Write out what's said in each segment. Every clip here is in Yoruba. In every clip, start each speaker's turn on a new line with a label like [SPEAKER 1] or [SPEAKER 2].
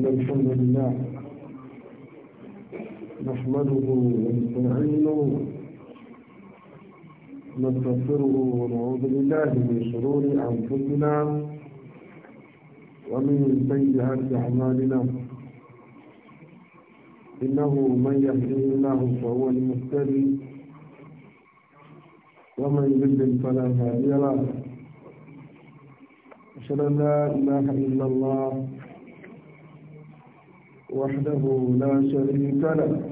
[SPEAKER 1] إن الحمد لله نحمده ونستعينه نستغفره ونعوذ بالله من شرور أنفسنا ومن سيئات أعمالنا إنه من يهده الله فهو المهتدي ومن يضلل فلا هادي له أشهد أن لا إله إلا الله وحده لا شريك له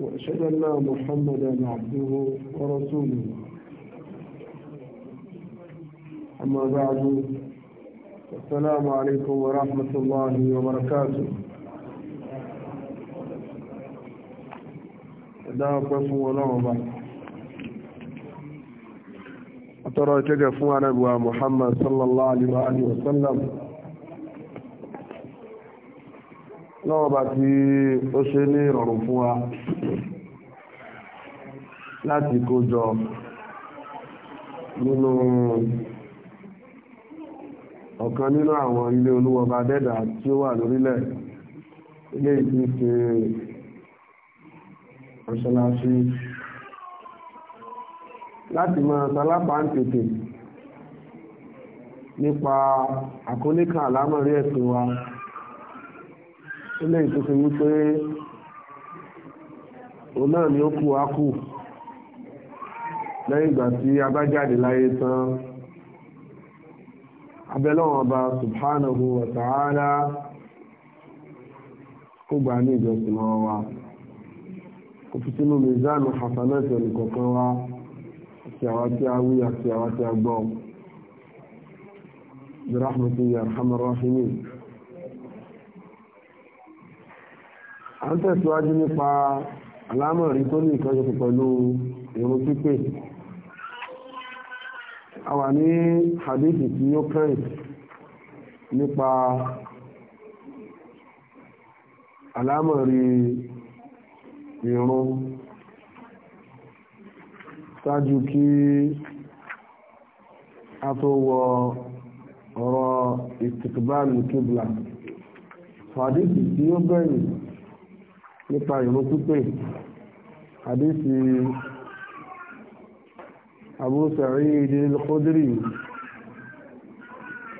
[SPEAKER 1] وأشهد أن محمدا عبده ورسوله أما بعد السلام عليكم ورحمة الله وبركاته dáàpẹ́ fún ọlọ́run bá àtọrọ ìtẹ́gẹ̀ fún anábíwá Muhammad sallallahu alaihi wa sallam lọ́wọ́ bá tí ó ṣe ní ìrọ̀rùn fún wa láti kójọ nínú ọ̀kan nínú àwọn ilé olúwọba dẹ́dà tí ó wà lórílẹ̀ ilé ìdí ṣe ọ̀ṣọ́láṣí láti máa sálápá ń tètè nípa àkóníkà àlámọ̀rí ẹ̀sìn wa ilé ìtúnṣe wípé òun náà ni ó kú wá kù lẹ́yìn ìgbà tí a bá jáde láyé tán abẹ́lọ́wọ̀n ọba subhanahu wa ta'ala kó gbà ní ìjọsìn lọ́wọ́ wa kó fi sínú mizanu hasanati ẹnìkọ̀ọ̀kan wa àti àwa tí a wí àti àwa tí a gbọ́ bi rahmatihi arhamar rahimin à ń tẹ̀síwájú nípa àlámọ̀rí tó ní ìkọ́jọpọ̀ pẹ̀lú ìrun pípé a wà ní hadithi tí ó kẹ́yìn nípa àlámọ̀rí ìrun ṣáájú kí a tó wọ ọ̀rọ̀ ìtìkbáàlù kíbla hadithi tí ó kẹ́yìn nípa ìrún pípé àdísì Abu Sa'id al-Khudri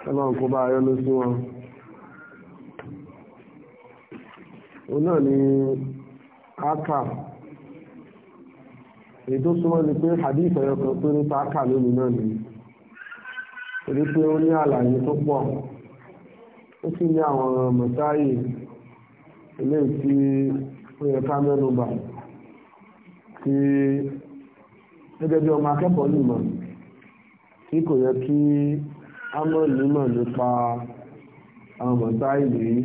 [SPEAKER 1] ọlọ́run kó bá yọ́nú sí wọn òun náà ni aka ètò súnmọ́ ni pé hadith ẹ̀yọ kan pé nípa aka lónìí náà ni torí pé ó ní àlàyé tó pọ̀ ó sì ní àwọn mọ̀táyì eléyìí tí ó yẹ ká mẹ́nu bà kí gẹ́gẹ́ bí ọmọ akẹ́kọ̀ọ́ nìmọ̀ tí kò yẹ kí a mọ̀ nípa àwọn ìlú yìí.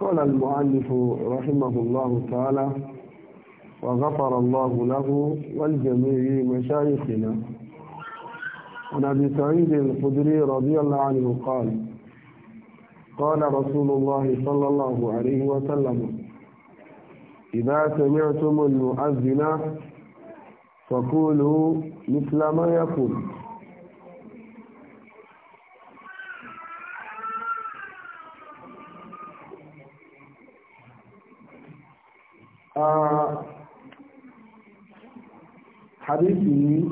[SPEAKER 1] قال المؤلف رحمه الله تعالى وغفر الله له والجميع مشايخنا عن ابي سعيد الخدري رضي الله عنه قال قال رسول الله صلى الله عليه وسلم إذا سمعتم المؤذن فقولوا مثل ما يقول آه حديثي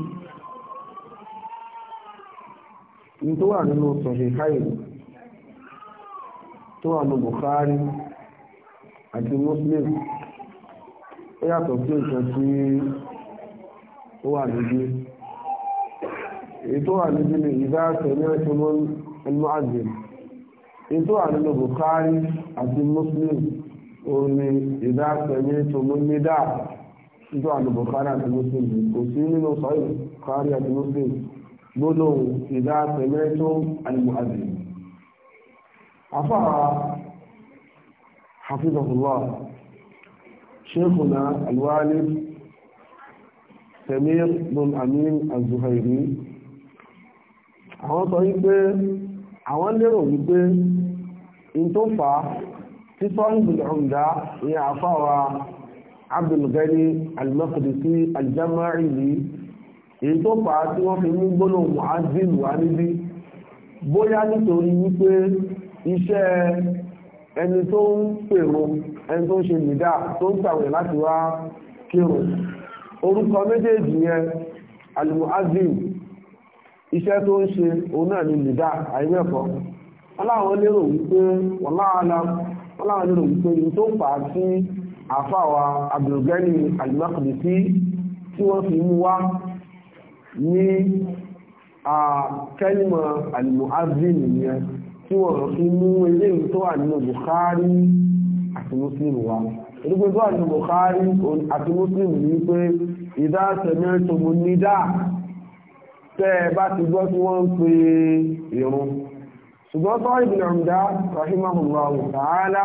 [SPEAKER 1] انتوا عنه صحيحين tó wà ní Bukhari àti Muslim ó yàtọ̀ sí nǹkan tí ó wà níbí èyí tó wà níbí ni ìdá tẹ̀lé ẹ̀ṣọ́mọ́ ẹnu àgbẹ̀ èyí tó wà nínú Bukhari àti Muslim òun ni ìdá tẹ̀lé ẹ̀ṣọ́mọ́ nídà tó wà ní Bukhari àti Muslim kò sí nínú sọ́yìn Bukhari àti Muslim gbólóhùn ìdá tẹ̀lé ẹ̀ṣọ́mọ́ ẹnu àgbẹ̀ عفاها حفظه الله شيخنا الوالد سمير بن أمين الزهيري àwọn sọ wípé àwọn lérò wípé in tó fà á tí sọ́yìnbùn ọ̀dá ní àfáwà abdulgani al-maqdisi al-jama'ili in tó fà á tí wọ́n fi mú gbónà mu'azin wà níbi bóyá nítorí wípé iṣẹ́ ẹni tó ń pèrò ẹni tó ń ṣe nìdá tó ń tàwẹ̀ láti wá kírun orúkọ méjèèjì yẹn alimuazim iṣẹ́ tó ń ṣe òun náà ni nìdá àìmẹ́kọ̀ọ́ aláwọn lérò wípé wọ́n lérò wípé ní tó fà sí abdulgani tí wọ́n fi mú wá ní yẹn tí wọ́n fi mú eléyìí tó wà nínú Bukhari àti Muslim wa ìdúgbò tó wà nínú Bukhari àti Muslim ní pé ìdá sẹ̀mẹ́ tòmù nídà tẹ́ ẹ bá ti gbọ́ tí wọ́n ń pe ìrun ṣùgbọ́n tó ìbìnà ọ̀dá rahimahullah ta'ala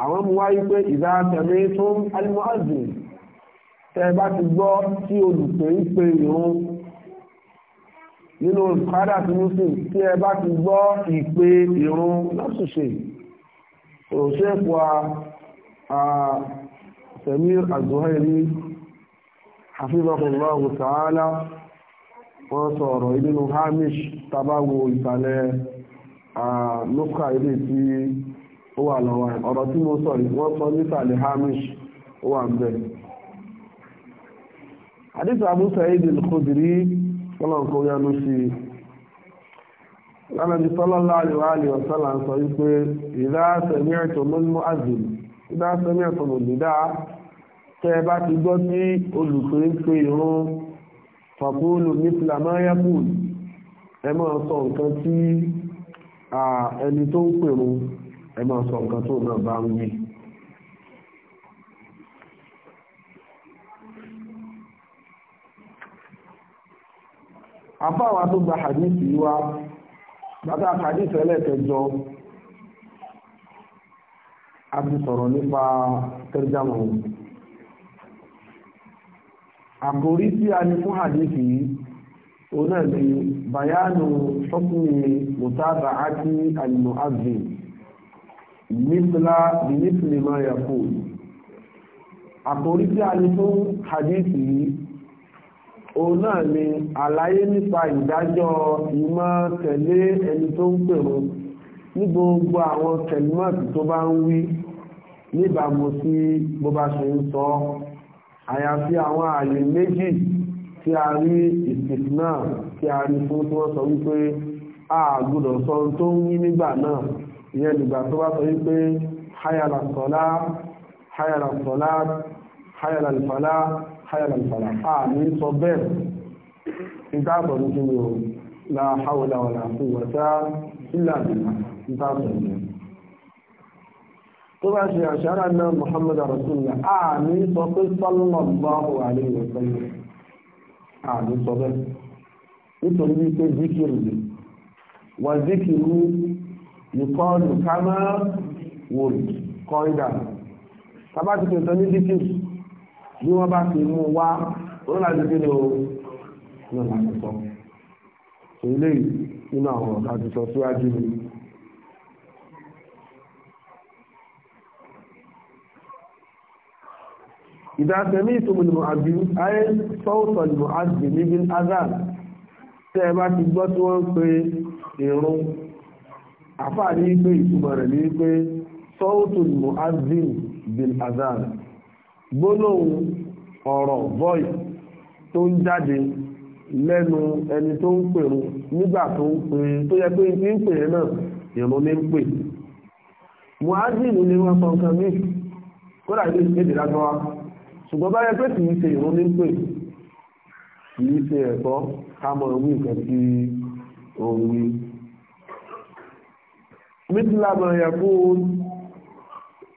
[SPEAKER 1] àwọn nínú ìpádà tí muslim tí ẹ bá ti gbọ́ ìpè ìrun lásìṣe òṣèpọ̀ Samir Az-Zuhairi hafizahullahu ta'ala wọ́n sọ ọ̀rọ̀ nínú hamish tabawo ìsàlẹ̀ lókà ilé tí ó wà lọ́wọ́ ọ̀rọ̀ tí mo sọ wọ́n sọ nísàlẹ̀ hamish ó wà ń ọlọ́run kó yánú sí i lánàbí sallallahu alaihi wa sallam sọ wípé idha sami'tum al-mu'adhdhin idha sami'tum al-nidaa tẹ́ ẹ bá ti gbọ́ sí olùpè ń pe ìrun faqulu mithla ma yaqul ẹ máa sọ nǹkan tí ẹni tó ń pèrun ẹ máa sọ nǹkan tó náà bá ń wí. àbáwa tó gba hadithi wa bàtà hadithi ẹlẹ́kẹjọ a ti sọ̀rọ̀ nípa tẹ́rìjàmọ̀ àkórí tí a ní fún hadithi yìí òun náà ni bayanu sọ́kùnrin mùtàbà àti al-mu'adhdhin nípìlá bí nípìlì máa yà kó àkórí tí a ní fún hadithi yìí òun náà ni àlàyé nípa ìdájọ́ ìmọ̀ tẹ̀lé ẹni tó ń pèrò ní gbogbo àwọn kẹlímọ̀tì tó bá ń wí níbàámu sí bó bá ṣe ń sọ àyàfi àwọn ààyè méjì tí a rí ìsìnkú náà tí a rí fún tí wọ́n sọ wípé a gbọ́dọ̀ sọ ohun tó ń wí nígbà náà ìyẹn nígbà tó bá sọ wípé hayala sọlá hayala hayala fala a ní sọ bẹ́ẹ̀ ìtàbọ̀ ní kíni o la hawla wala quwwata illa billah ìtàbọ̀ ní tó bá ṣe àṣàrà náà muhammad rasulullah a ní sọ pé sallallahu alaihi wa sallam a bí wọ́n bá ti mú wá wọ́n láti kí ni o ní ọ̀la ti sọ eléyìí nínú àwọn ọ̀la ti sọ síwájú ni. ìdá tẹ̀mí ìtumùlù àbí ayé sọ́ọ̀tọ̀ ìlú àbí níbi azan tẹ́ ẹ bá ti gbọ́ tí wọ́n ń pe ìrun àfáà ní pé ìtumọ̀ rẹ̀ ní pé sọ́ọ̀tọ̀ ìlú àbí bil azan gbólóhùn ọ̀rọ̀ voice tó ń jáde lẹ́nu ẹni tó ń pèrò nígbà tó ń pè tó yẹ pé ní pè náà ìrún ní pè muhazin ni wọ́n sọ nǹkan míì kódà ilé ìkéde lágbọ́wá ṣùgbọ́n bá yẹ pé kì í ṣe ìrún ní pè kì í ṣe ẹ̀kọ́ ká mọ owó nǹkan tí òun ni. mítìlámọ̀ yẹ fún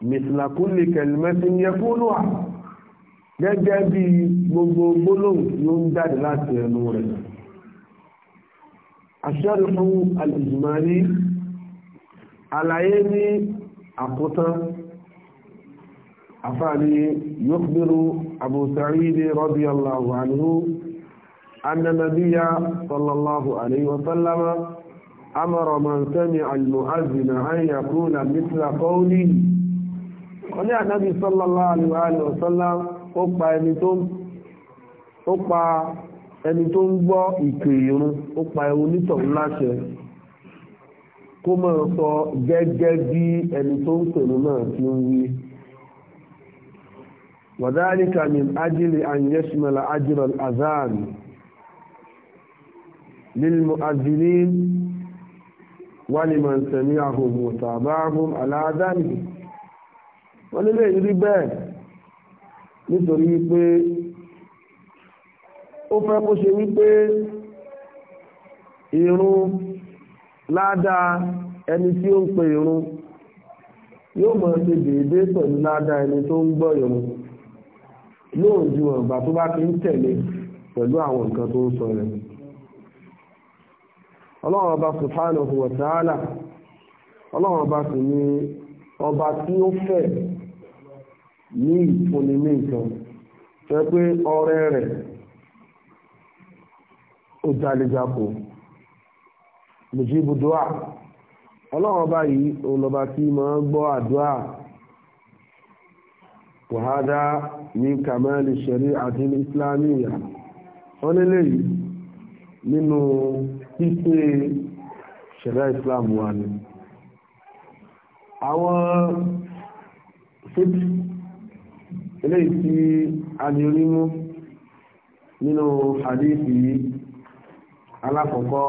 [SPEAKER 1] mìtìlákùnlé kẹlìmẹ́sìn yẹ fún lùwà gẹ́gẹ́ bí gbogbo gbólóhùn tí ó ń jáde láti ẹnu rẹ̀ aṣẹ́rìfú alìjìmárí àlàyé ní àkótán àfáàní yóò abu sa'id radiyallahu anhu anna nabiyya sallallahu alayhi wa sallama amara man sami'a al-mu'adhdhin an yakuna mithla qawlihi wani annabi sallallahu alayhi wa sallam ó pa ẹni tó ń gbọ́ ìpè irun ó pa onítọ̀ láṣẹ kó mọ̀ sọ gẹ́gẹ́ bí ẹni tó ń pèrò náà ti ń wí wàdáríkà ní ajílì àyẹ́ṣìmọ̀lá ajílọ̀ àzáàmì lílmù àjílì wálìmọ̀ sẹ̀mí àhùn mọ̀tàbáhùn aláàdáàmì wọ́n nílé ìrí bẹ́ẹ̀ nítorí wípé ó fẹ́ kó ṣe wípé irun ládàá ẹni tí ó ń pe irun yóò mọ̀ ṣe déédéé pẹ̀lú ládàá ẹni tó ń gbọ́ irun yóò ju ọ̀gbà tó bá ti ń tẹ̀lé pẹ̀lú àwọn nǹkan tó ń sọ rẹ̀ ọlọ́run ọba subhanahu wa ta'ala ọlọ́run ọba sì ni ọba tí ó fẹ́ ní ìfúnni ní nǹkan fẹ́ pé ọ̀rẹ́ rẹ̀ ó jálejàpò lòjíbù dùà ọlọ́run ọba yìí òun lọ́ba tí máa ń gbọ́ àdúà wàhádá ní kàmáàlì ṣẹ̀rí àti islamiyya wọ́n lélẹ̀ yìí nínú pípé ṣẹ̀rí islam wà ní àwọn eléyìí tí adìrí mú nínú hadithi yìí alákọ̀ọ́kọ́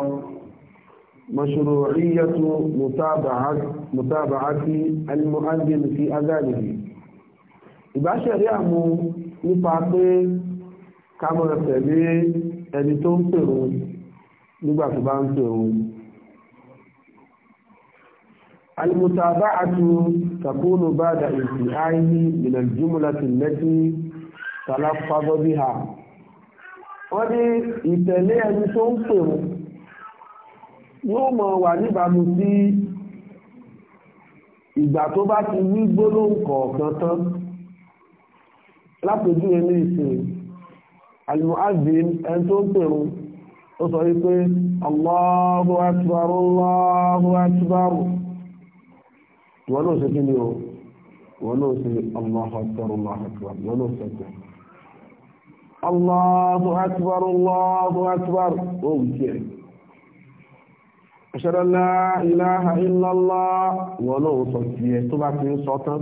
[SPEAKER 1] mọ̀ṣúrò ríyàtú mùtábàáti alimuhazin fi agáàdìrí ìbáṣẹ̀rí àmú nípa pé ká máa tẹ̀lé ẹni tó ń pèrò nígbà bá ń pèrò المتابعة تكون بعد انتهائه من الجملة التي تلفظ بها wọ́n ní ìtẹ̀lé ẹni tó ń pè wọ́n yóò mọ̀ wà níbàámu sí ìgbà tó bá ti ní gbólóhùn kọ̀ọ̀kan tán lápòjú ẹni ìsìn almuazin ẹni tó ń pè wọ́n ó sọ wípé Allahu akbar Allahu akbar ìwọ náà ṣe kí ni o ìwọ náà ṣe Allahu Akbar Allahu Akbar ìwọ náà ṣe jẹ Allahu Akbar Allahu Akbar ó wù kí ẹ ashhadu an la ilaha náà sọ tiẹ̀ tó bá ti ń sọ tán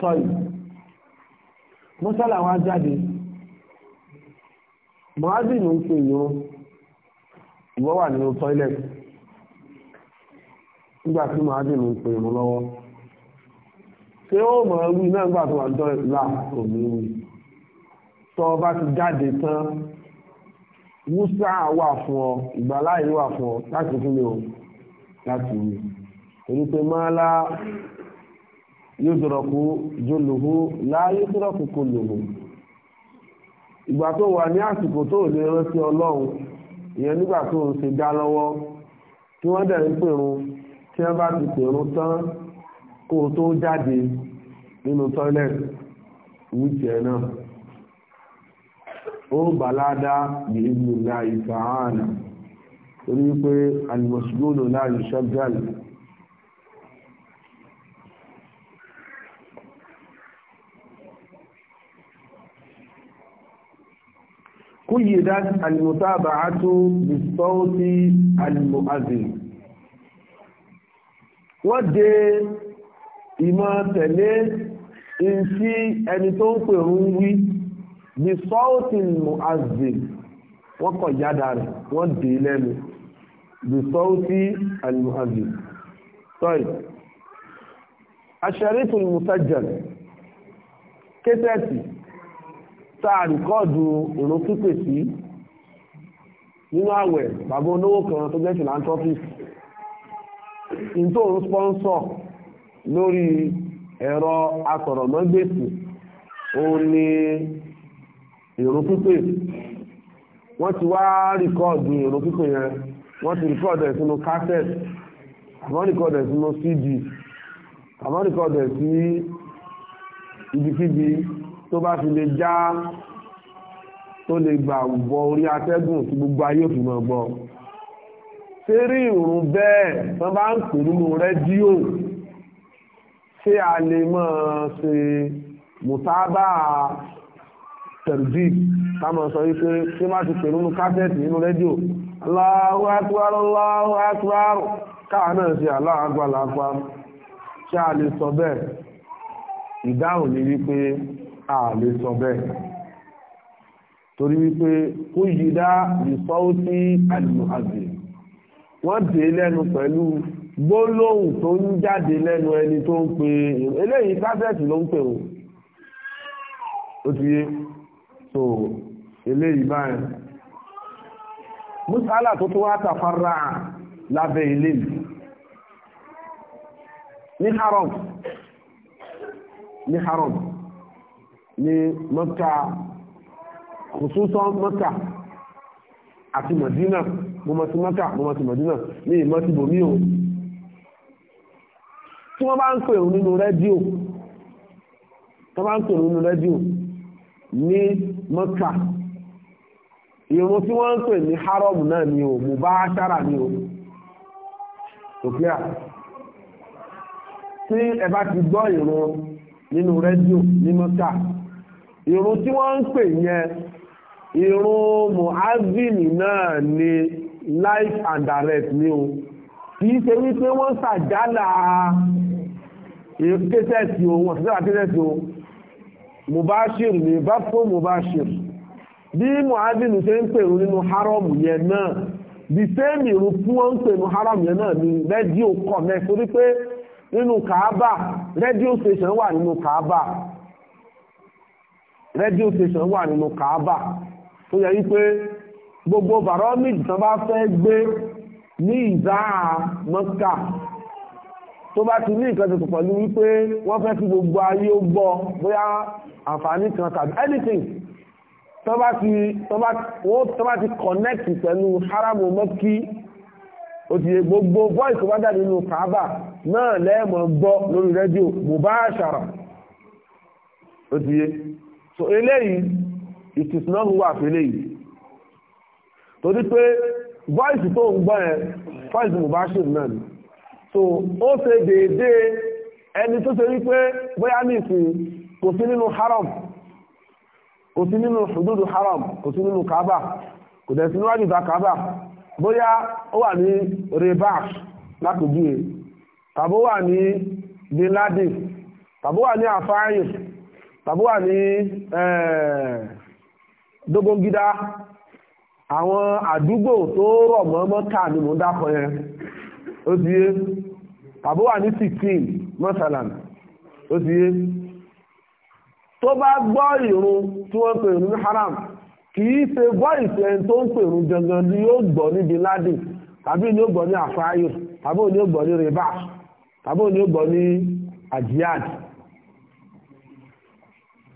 [SPEAKER 1] tọ́yì mọ́sálà wa jáde mọ́ádìí ń pè yín ìwọ wà nínú tọ́ílẹ̀tì nígbà tí màá dì mí ń pè mú lọ́wọ́ ṣé ó mọ̀ wí náà nígbà tó wà ń tọ́ ìlà òmí wí tọ́ ọ bá ti jáde tán wúsà wà fún ọ ìgbàláyé wà fún ọ láti fún mi o láti wí èyí pé máa lá yóò dọ̀rọ̀ kú jólòhó láyé dọ̀rọ̀ kú kò lòhó ìgbà tó wà ní àsìkò tó lè rántí ọlọ́run ìyẹn nígbà tó ń ṣe dá lọ́wọ́ tí wọ́n dẹ̀ ń pèrun tí wọ́n bá ti pèrún tán kó o tó jáde nínú toilet wíìtì ẹ̀ náà ó bàládá bí ibi ìlà ìfàhánà torí pé alìmọ̀sùgbónù láàrin ṣọ́gbàlì kúyìdá alìmọ̀tàbà á tún bí sọ́ọ́tí alìmọ̀ azìn wọ́n de ìmọ̀ tẹ̀lé ìsí ẹni tó ń pè ń wí bí sọ́ọ̀tìn mu'azzin wọ́n kọ̀ yádà rẹ̀ wọ́n dè lẹ́nu bí sọ́ọ̀tì al-mu'azzin tọ́ì aṣẹ́rìtù musajjal kéṣẹ́ẹ̀tì táà rìkọ́ọ̀dù òun pípè sí nínú àwẹ̀ bàbá olówó kan tó jẹ́ philanthropist tó ń spọ́nsọ̀ lórí ẹ̀rọ asọ̀rọ̀mọ́gbèsì òun ni ìrun pípè wọ́n ti wá rìkọ́ọ̀dù ìrun pípè yẹn wọ́n ti rìkọ́ọ̀dù ẹ̀ sínú cassette àwọn rìkọ́ọ̀dù ẹ̀ sínú cd àwọn rìkọ́ọ̀dù ẹ̀ sí ibikíbi tó bá fi lè já tó lè gbà wọ orí atẹ́gùn tí gbogbo ayé òfin mọ̀ gbọ́ sérí ìrùn bẹ́ẹ̀ wọ́n bá ń pè nínú rédíò ṣé a lè máa ṣe mùtábà tẹ̀rùdì táwọn sọ wípé ṣé má ti pè nínú kásẹ̀tì nínú rédíò Allahu akbar Allahu akbar káà náà ṣe Allahu akbar Allahu akbar ṣé a lè sọ bẹ́ẹ̀ ìdáhùn ni wípé a lè sọ bẹ́ẹ̀ torí wípé kó yí dá ìsọ́wọ́sí àdìmọ̀ àgbè wọ́n dè lẹ́nu pẹ̀lú gbólóhùn tó ń jáde lẹ́nu ẹni tó ń pe eléyìí kásẹ̀tì ló ń pè ó ó ti yé so eléyìí báyìí musala tó tó wá tàfàrà lábẹ́ ilé ní haram ní haram ní Mẹ́kà khususan Mẹ́kà àti Mẹdínà mo mọ̀ sí mọ́kà mo mọ̀ sí mọ̀dínà ní ìmọ̀ sí bòmí o tí wọ́n bá ń pè òun nínú rédíò tó bá ń pè òun nínú rédíò ní mọ́kà ìrun tí wọ́n ń pè ní hárọ́mù náà ni o mo bá ṣára ni o òkúyà tí ẹ bá ti gbọ́ ìrun nínú rédíò ní mọ́kà ìrun tí wọ́n ń pè yẹn ìrun mùhazini náà ni life and direct ni o kìí ṣe wípé wọ́n ṣàjálà kéṣẹ́ẹ̀tì o wọ́n ṣàjálà kéṣẹ́ẹ̀tì o mubashir ni bá fún mubashir bí muhammed ṣe ń pèrò nínú haramu yẹn náà the same irun tí wọ́n ń pèrò haramu yẹn náà ni rédíò kọ̀ mẹ́ torí pé nínú kaaba rédíò station wà nínú kaaba rédíò station wà nínú kaaba tó yẹ wípé gbogbo barometer tán bá fẹ́ gbé ní ìzáà mọ́kà tó bá ti ní nǹkan tuntun pẹ̀lú wípé wọ́n fẹ́ kí gbogbo ayé ó gbọ́ bóyá àǹfààní kan tàbí anything tó bá ti tó bá ti connect pẹ̀lú haramu mọ́kí òtì gbogbo voice tó bá jáde nínú kaaba náà lẹ́ẹ̀mọ̀ gbọ́ lórí rédíò mubashara òtì so eléyìí ìtìsínà wà fẹ́lẹ́yìí torí pé voice tó ń gbọ́ ẹ̀ voice mubashir náà so ó ṣe déédéé ẹni tó ṣe wípé bóyá ní ìsìn kò sí nínú haram kò sí nínú hududu haram kò sí nínú kaaba kò dẹ̀ sí níwájú ìta kaaba bóyá ó wà ní rebash lápèjúwe tàbó wà ní bin laden tàbó wà ní afáyìn tàbó wà ní eh, àwọn àdúgbò tó rọ̀ mọ́ mọ́kà ni mo dákọ̀ yẹn ó ti yé àbó wà ní sixteen mọ́sálàm ó ti yé tó bá gbọ́ ìrun tí wọ́n pè ní haram kì í ṣe gbọ́ ìṣe ẹni tó ń pè ní gangan ni yóò gbọ́ níbi ládì tàbí ni yóò gbọ́ ní àfáàyò tàbí ni yóò gbọ́ ní rìbá tàbí ni yóò gbọ́ ní àjíyàd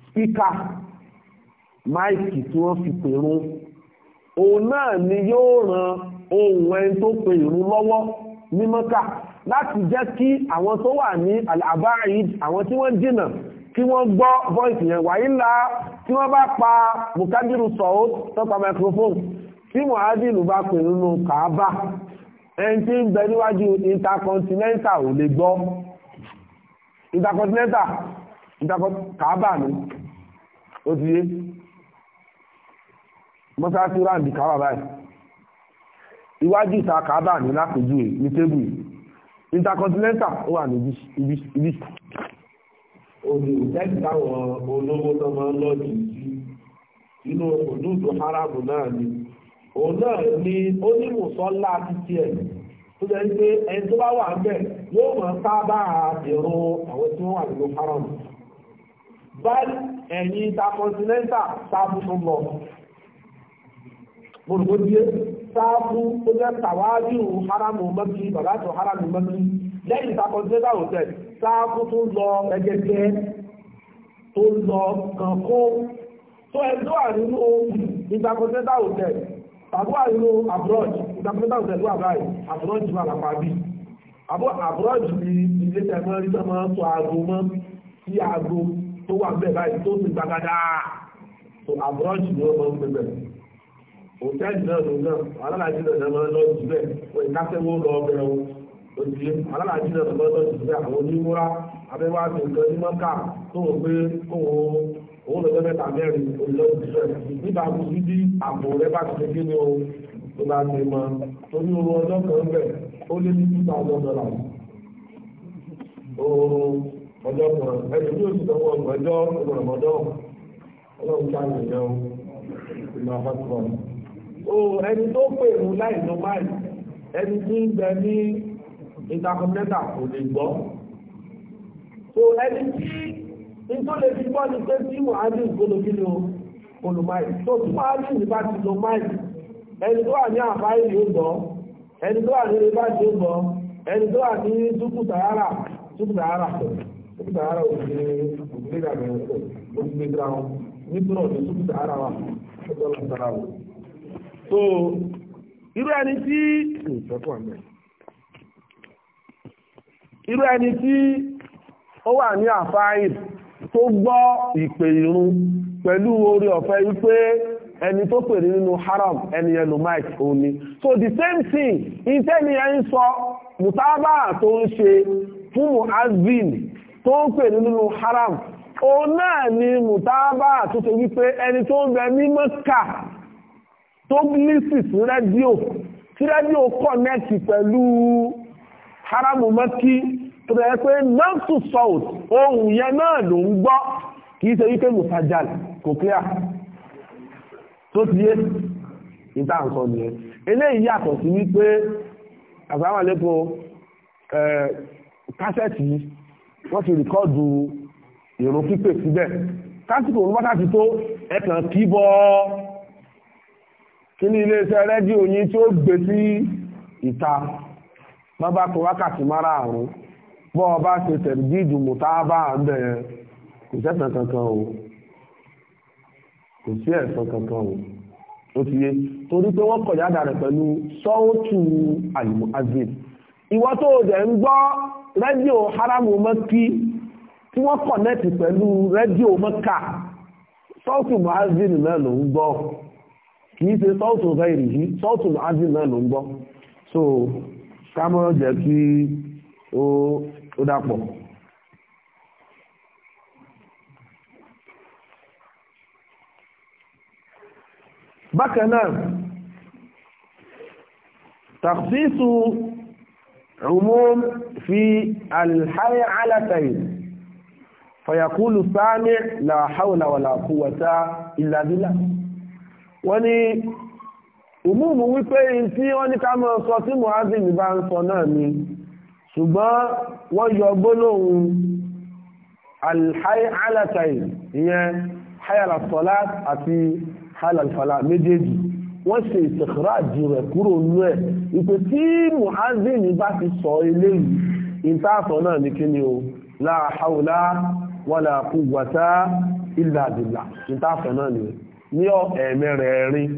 [SPEAKER 1] spíkà máìkì tí wọ́n fi pèrún òun náà ni yóò ran ohun ẹni tó pe ìrun lọ́wọ́ ní mọ́kà láti jẹ́ kí àwọn tó wà ní àbáyid àwọn tí wọ́n jìnà kí wọ́n gbọ́ voice yẹn wàyí ńlá tí wọ́n bá pa bukadiru sọ̀ọ́ tọ́pa microphone tí muhadiru bá pè nínú kàábà ẹni tí ń bẹ níwájú intercontinental ò lè gbọ́ intercontinental kàábà ni ó ti yé mọ́sáàtì ráǹdì kábà báyìí iwájú ìta kábà ní lápèjú ẹ̀ ní tébù yìí intercontinental ó wà ní ibi ibi. òní ìjẹ́kì táwọn olówó náà máa ń lọ́ọ̀dì sí inú òdúdú haramu náà ni òun náà ni ó ní mùsọ́lá títí ẹ̀ tó jẹ́ pé ẹni tó bá wà ń bẹ̀ yóò mọ̀ sábà ìrun àwọn tí wọ́n wà nínú haramu. báyìí ẹ̀yin intercontinental sábùsùn lọ mọ̀lùmọ́díé sáàbù tó jẹ́ tàwájú haramu mọ́kí bàbáàtò haramu mọ́kí lẹ́yìn ìtakọ̀dẹ́dà hotel sáàbù tó lọ ẹgẹgẹ tó lọ kankó tó ẹjọ́ àrínú ìtakọ̀dẹ́dà hotel tàbí àrínú abroad ìtakọ̀dẹ́dà hotel wà báyìí abroad wà lápá bí àbọ̀ abroad ni ilé tẹ̀mọ́ rí tẹ́mọ́ tó aago mọ́ sí aago tó wà bẹ́ẹ̀ báyìí tó ti gbàgádà tó abroad ni ó mọ́ ń bẹ̀rẹ̀ òjáde náà lòun náà alálàájì náà náà máa ń lọ síbẹ̀ wọ́n lọ ọbẹ̀ wọn òjì alálàájì náà máa ń lọ síbẹ̀ àwọn onímúra abẹ́wá ti nǹkan ní tó wọ́n pé òun òun lọ́jọ́ mẹ́ta mẹ́rin olùlọ́ síbẹ̀ nígbà kú sí bí rẹ bá ti gbé ní ohun tó bá ti mọ torí oru ọjọ́ kan bẹ̀ ó lé ní two thousand dollars oru ọjọ́ kan ẹni tí ó ti sọ wọn ọjọ́ ọgbọ̀n ọmọdọ́ ọlọ́run ká lè yẹ o ìlú afọ́tún ẹni tó pèrú láìlọ báyìí ẹni tí ń bẹ ní ìtakọ̀mẹ́ta kò lè gbọ́ so ẹni tí ní tó lè fi gbọ́ ni pé tí wọ́n á ní ìgbólógínú olùmáì tó tún máa ní ti lo máì ẹni tó wà ní àbáyé yóò gbọ́ ẹni tó wà ní ìbá yóò gbọ́ ẹni tó wà ní so irú ẹni tí irú ẹni tí ó wà ní àfáàyè tó gbọ́ ìpè ìrun pẹ̀lú orí ọ̀fẹ́ wípé ẹni tó pèrè nínú haram ẹni ẹnu mike òní so the same thing ìtẹ́ni ẹ ń sọ mùtábà tó ń ṣe fún muhazin tó ń pèrè nínú haram òun náà ni mùtábà tó ṣe wípé ẹni tó ń bẹ ní mọ́kà tó lísì sí rẹ́díò tí rẹ́díò kọ̀nẹ́kì pẹ̀lú haramu mọ́kí tó rẹ̀ pé nọ́ọ̀tù sọ́ọ̀t ohun yẹn náà ló ń gbọ́ kì í ṣe wípé musajal kò clear tó ti yé ìta nǹkan nìyẹn eléyìí yàtọ̀ sí wípé àbáwọn àlékún kásẹ̀tì wọ́n ti rìkọ́ọ̀dù ìrùn pípè síbẹ̀ kásìkò òun bá ti tó ẹ̀kàn kíbọ̀ọ́ kí ni iléeṣẹ́ rédíò yín tí ó gbé sí ìta má bá wákàtí mara àrùn bọ́ ọba ṣe tẹ̀lifíìdù mùtáábà ń bẹ̀rẹ̀ kò sẹ́sàn kankan o kò sí ẹ̀sán kankan o ó ti yé torí pé wọ́n kọ̀yádà rẹ̀ pẹ̀lú sọ́ọ̀tù àlùmọ́azin ìwọ tó o dẹ̀ ń gbọ́ rédíò haramu mọ́kí tí wọ́n kọ̀nẹ́tì pẹ̀lú rédíò mọ́kà sọ́ọ̀tù mọ́azin náà ló ń gbọ́ kìí ṣe sọ́ọ̀tù ọ̀gáìrì yìí sọ́ọ̀tù azim ló ń gbọ́ so ká mọ́ jẹ́ kí ó dàpọ̀ bákan náà tàkṣíṣù umum fi alhaya alatayi fayakulu sami la haula wala quwwata wọ́n ní ìmúùmù wípé tí wọ́n ní ká mọ́ sọ tí muhazin bá ń sọ náà ni ṣùgbọ́n wọ́n yọ gbólóhùn alhálàtàì ìyẹn hayàlàsọ́lá àti hayàlàfàlà méjèèjì wọ́n ṣe ìtẹ̀kọ́rájì rẹ̀ kúrò nú ẹ̀ ìpè tí muhazin bá ti sọ eléyìí ìtàsọ náà ní kí ni o la hawla wala quwwata illa billah náà ni o ní ẹ̀mẹ́rẹ̀ẹ̀rin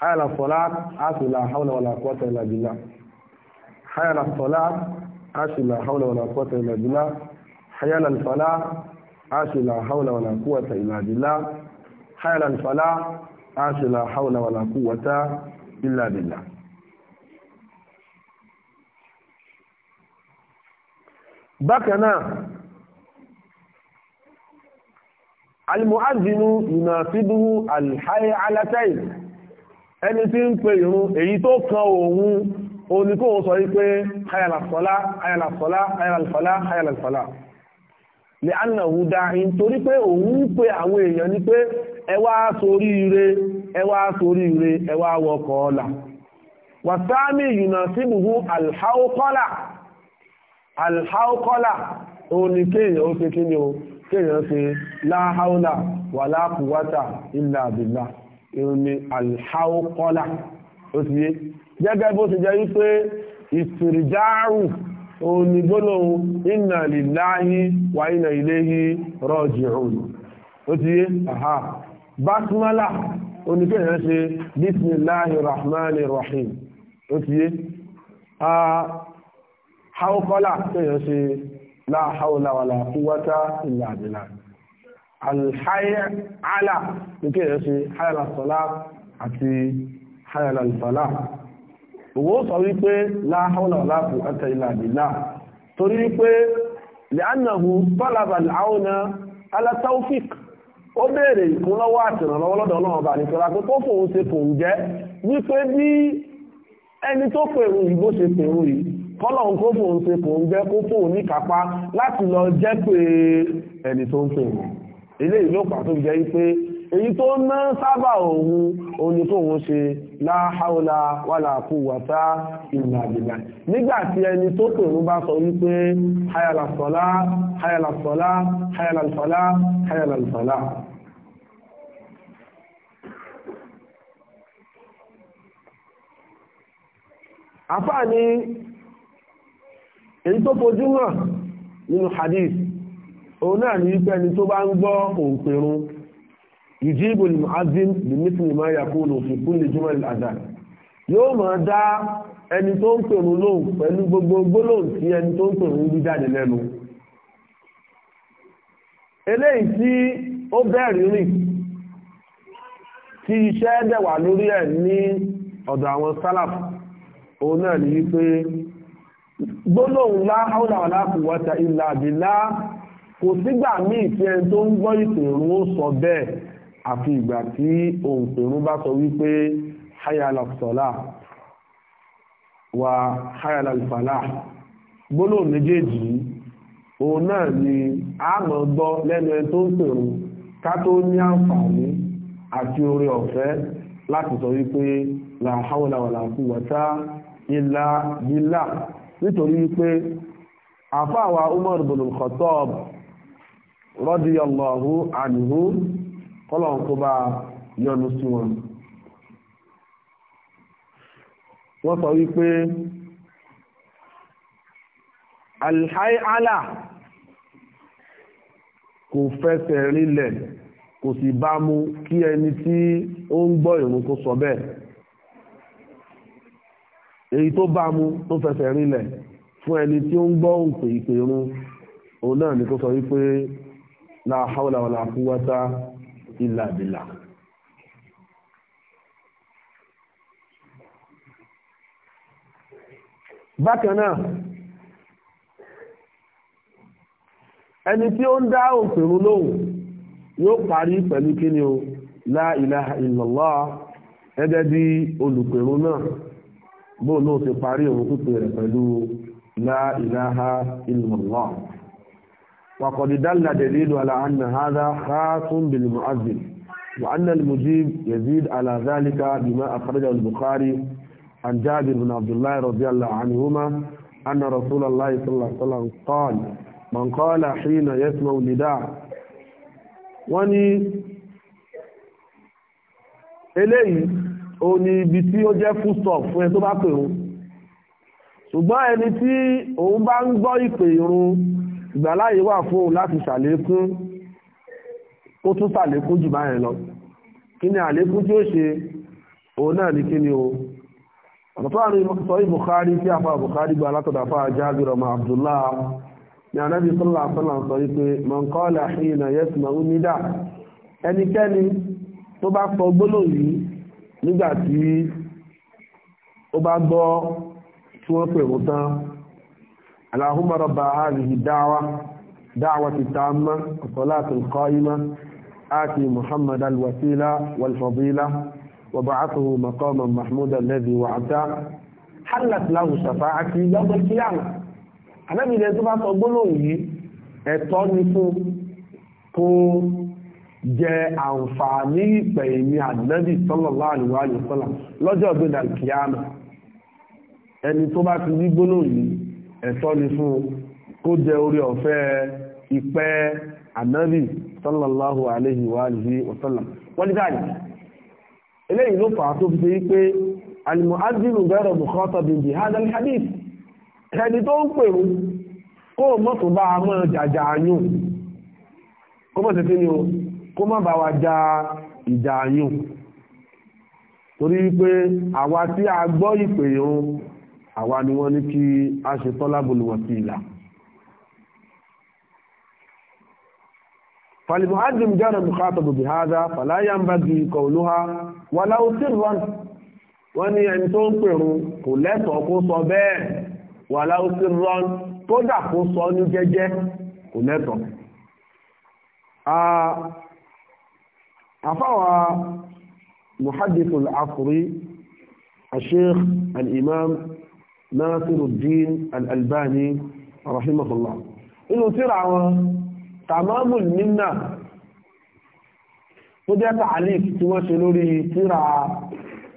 [SPEAKER 1] hayala salat asila haula wala quwwata illa billah hayala salat asila haula wala quwwata illa billah hayala falah asila haula wala quwwata illa billah hayala falah asila haula wala quwwata illa billah bákan alìmọ̀ázínú ìnàfídúrú alìháyé alátẹ́ì ẹni tí ń pè ìrun èyí tó kan òun òní kó sọ wípé hayalafọ́lá hayalafọ́lá hayalafọ́lá hayalafọ́lá lè ánàwú dáhìn torí pé òun ń pè àwọn èèyàn ní pé ẹwà sórí ire ẹwà sórí ẹwà wọkọ̀ ọ̀la wàsáàmì ìnàfídúrú alìháókọ́lá alìháókọ́lá ó ṣe kí ni o kéèyàn ṣe láháúlà wà láàkúwátà ilà àbìlà irun ni alháúkọ́là ó ti yé gẹ́gẹ́ bó ti jẹ́ wípé ìsìrìjáàrù òun ni gbólóhùn inna lillahi wa inna ilayhi raji'un ó ti yé àhá basmala oníkéèyàn ṣe bismillahi rahmani rahim ó ti yé háúkọ́là ah, kéèyàn ṣe la hawla wala quwwata illa billah alhayala nìkẹ́ yẹn ṣe hayala sọlá àti hayala ìfàlá òwò sọ wípé la hawla wala quwwata illa billah torí wípé lẹ́ánàhù tọ́làbà láwọ́nà alátàófík ó bèèrè ìkúnlọ́wọ́ àtìrànlọ́wọ́ lọ́dọ̀ ọlọ́run bá nìkan lápé tó fòun ṣe fòun jẹ́ wípé bí ẹni tó pèrò yìí bó ṣe pèrò yìí kọ́lọ̀ ń kó fòun ṣe kò ń jẹ́ kó fòun ní kápá láti lọ jẹ́ pé ẹni tó ń pè mí eléyìí ló pàtó jẹ́ pé èyí tó ná sábà òun òun ni kóun ṣe la hawla wala quwwata illa billah nígbà tí ẹni tó pèrún bá sọ wípé hayala sọlá hayala sọlá hayala sọlá hayala sọlá àfáà ni èyí tó fojú hàn nínú hadith òun náà ní pé ẹni tó bá ń gbọ́ òǹpẹ̀rún yujibu al-mu'azzin bimithli ma yaqulu fi kulli jumal al-adhan yóò máa dá ẹni tó ń pèrún lóhùn pẹ̀lú gbogbo gbólóhùn tí ẹni tó ń pèrún bí jáde lẹ́nu eléyìí tí ó bẹ̀rẹ̀ rìn tí iṣẹ́ dẹ̀ wà lórí ẹ̀ ní ọ̀dọ̀ àwọn sálàf òun náà ní wípé gbólóhùn lá áwùlà aláàkùwọ́ta ilà àbílá kò sígbà míì tí ẹni tó ń gbọ́ ìpèrún ó sọ bẹ́ẹ̀ àfi ìgbà tí ohun ìpèrún bá sọ wípé hayala sọlá wa hayala ìfàlà gbólóhùn méjèèjì òun náà ni a máa gbọ́ lẹ́nu ẹni tó ń pèrún ká tó ní àǹfààní àti oore ọ̀fẹ́ láti sọ wípé la hawla wala quwwata nítorí wípé àfáàwà Umar bin Khattab radiyallahu anhu kọ́lọ̀n kó bá yọ́nú sí wọn wọ́n sọ wípé alhaiala kò fẹsẹ̀ rinlẹ̀ kò sì bá mú kí ẹni tí ó ń gbọ́ ìrun kó sọ bẹ́ẹ̀ èyí tó bá mu tó fẹsẹ̀ rinlẹ̀ fún ẹni tí ó ń gbọ́ òǹpè ìpè irun òun náà ni kó sọ wípé la hawla wala quwwata illa billah. bákan náà ẹni tí ó ń dá òǹpè irun lóhùn yóò parí pẹ̀lú kíni o la ilaha illallah gẹ́gẹ́ bí olùpèrún náà bóun náà ti parí òun pípé rẹ̀ pẹ̀lú la ilaha illallah وقد دل دليل على أن هذا خاص بالمؤذن وأن المجيب يزيد على ذلك بما أخرجه البخاري عن جابر بن عبد الله رضي الله عنهما أن رسول الله صلى الله عليه وسلم قال من قال حين يسمع النداء wọ́n ní eléyìí ó ní ibi tí ó jẹ́ full stop fún ẹ tó bá pè run ṣùgbọ́n ẹni tí òun bá ń gbọ́ ìpè irun ìgbàláyé wà fún òun láti ṣàlékún ó tún ṣàlékún jù báyẹn lọ kí ni àlékún tí ó ṣe òun náà ní kí ni o àtàtàrí sọ́yí Bukhari tí àfà Bukhari gba látọ̀dà fà Jabir Abdullah ni anábi sọ́lá sọ́lá sọ wípé mọ̀nkọ́lá ṣìnà yẹ́sùmọ̀ nídà ẹnikẹ́ni tó bá sọ gbólóhùn yìí nígbà tí ó bá gbọ́ tí wọ́n pè wọ́n tán Allahumma rabba hadhihi dáwà dáwà ti tamma as-salati al-qa'ima آتي محمد الوسيلة والفضيلة وبعثه مقاما محمودا الذي وعدته حلت له شفاعتي يوم القيامة Ànábì ilẹ̀ tó bá sọ gbólóhùn yìí ẹ̀tọ́ ni fún kó jẹ àǹfààní ìpẹ̀ ìmí ànábì sallallahu alaihi wa sallam lọ́jọ́ gbẹ̀dà kìíyàmà ẹni tó bá ti gbígbóná yìí ẹ̀tọ́ ni fún kó jẹ orí ọ̀fẹ́ ìpẹ̀ ànábì sallallahu alaihi wa sallam wọ́n ní dáàdì eléyìí ló fà á tó fi ṣe wípé al-mu'adhdhin ghayru mukhatabin bi hadha al-hadith ẹni tó ń pèrú kó mọ́tò bá a mọ́ jàjà àyùn kó mọ́ tẹ́tẹ́ ni o kó má bá wa ja ìjà àyùn torí wípé àwa tí a gbọ́ ìpè yòó àwa ni wọ́n ní kí a ṣe tọ́lábòlù wọ̀ sí ìlà فالمعلم جار المخاطب بهذا فلا ينبغي قولها ولو سرا wọ́n ní ẹni tó ń pèrún kò lẹ́tọ̀ọ́ kó sọ bẹ́ẹ̀ walau sirran kódà kó sọ ní jẹ́jẹ́ kò lẹ́tọ̀ọ́ ah, أفوى محدث العصر الشيخ الإمام ناصر الدين الألباني رحمه الله إنه ترعى تمام منا فدي تعليق تواشي لوري ترعى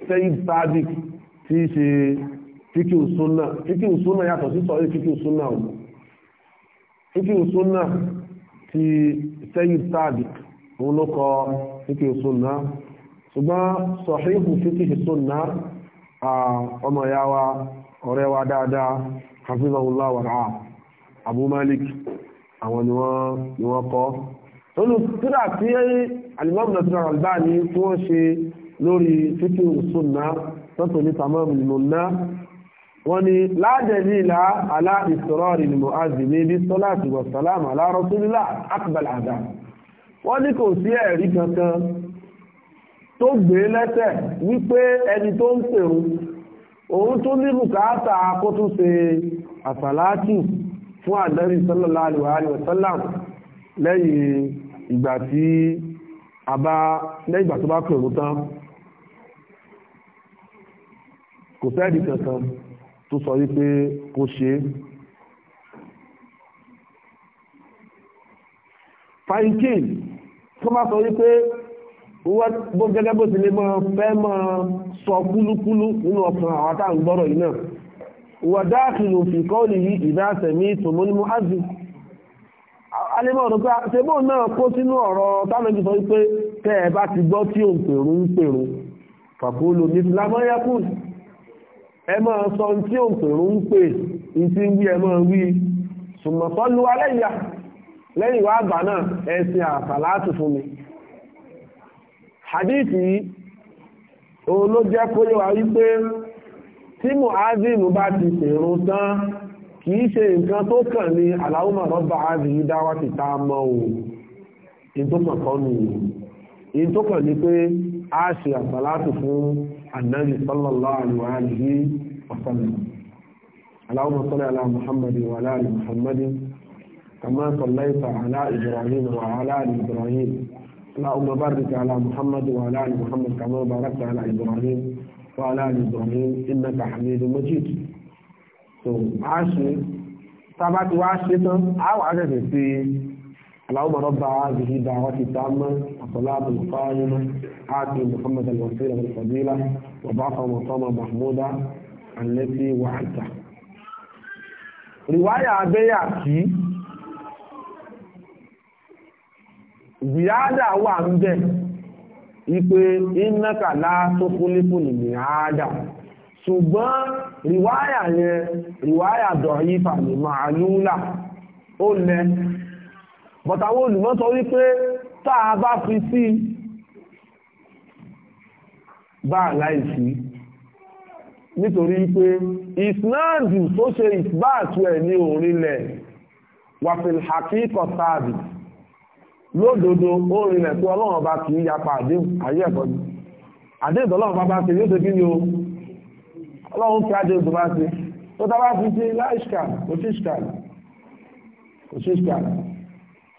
[SPEAKER 1] سيد سابق في فيكي السنة فيكي السنة يا تسيطة فيكي السنة فيكي السنة في سيد سابق òun ló kọ fíkì sunna ṣùgbọ́n sọ̀híhù fíkì sunna ọmọ ìyá wa ọ̀rẹ́ wa dáadáa hafizahullah wa ra'a abu malik àwọn ni wọ́n kọ́ tolu tíra tí alimami nasir albani tí wọ́n ṣe lórí fíkì sunna tọ́tò ní tamam lùnà wọ́n ni láàdẹ̀lìlá aláìsọ̀rọ̀ ìlú mu'azimi bí sọ́láàtì wà sàlámà ala rasulillah akbal wọ́n ní kò sí ẹ̀rí kankan tó gbé lẹ́sẹ̀ wípé ẹni tó ń pèrún òun tó ní bùkátà kó tún ṣe àsàlátù fún àdẹ́rí sallallahu alaihi wa sallam lẹ́yìn ìgbà tí a bá lẹ́yìn ìgbà tó bá pèrún tán kò sẹ́ẹ̀dì kankan tó sọ wípé kó ṣe é fàyíkèèlì kó má sọ wípé bó gẹ́gẹ́ bó ti lè mọ́ fẹ́ mọ́ sọ kúlúkúlú nínú ọkùnrin àwọn tá à ń gbọ́rọ̀ yìí náà wà dáàkìlù fi kọ́ọ̀lì yìí ìdásẹ̀mí tòmọ́ ní muhazi alẹ́mọ̀ ọ̀rọ̀ pé àtẹ́bò náà kó sínú ọ̀rọ̀ tánàbí sọ wípé tẹ́ ẹ bá ti gbọ́ tí ò ń pèrú ń pèrú fàkóòlò ní fìlámọ́yákùn ẹ máa sọ tí ò ń pèrú ń pè ní ti ń wí lẹ́yìn ìwà àgbà náà ẹ̀sìn àsàlátù fún mi hadithi yìí òun ló jẹ́ kó yé wa wípé tí mu'azinu bá ti pèrún tán kìí ṣe nǹkan tó kàn ní Allahumma rabba hadhihi da'wati tamma o ìtòkàn kan nù ìtòkàn ní pé a ṣe àsàlátù fún annabi sallallahu alaihi wa sallam Allahumma salli ala muhammadin wa ala muhammadin كما صليت على إبراهيم وعلى آل إبراهيم اللهم بارك على محمد وعلى آل محمد كما باركت على إبراهيم وعلى آل إبراهيم إنك حميد مجيد so عاشي طبعا وعاشي أو عجبت في اللهم رب هذه دعوتي التامة والصلاة القائمة آتي محمد الوسيلة والفضيلة وبعث مقاما محمودا التي وعدته رواية أبي ziyada wà ń bẹ̀ ipe ináka láàtó fúnlépò ní ziyada ṣùgbọ́n ríwáyà yẹn ríwáyà dọ̀yífà ní màálúlà ó lẹ bọ̀tàwó olùmọ́sọ wípé táà bá fi sí bá láìsí nítorí pé ìsináàdù tó ṣe ìsbáàtù ẹ̀ ní orílẹ̀ wàfíl hakíkọ̀ sáàbì lódodo ó rinlẹ̀ pé ọlọ́run ọba kì í yapa àdéhùn ayé ẹ̀kọ́ ni àdéhùn tó ọlọ́run bá ṣe yóò ṣe kí ni o ọlọ́run fi àdéhùn tó bá ṣe tó tá bá fi ṣe láìṣkà kò sí ṣkà kò sí ṣkà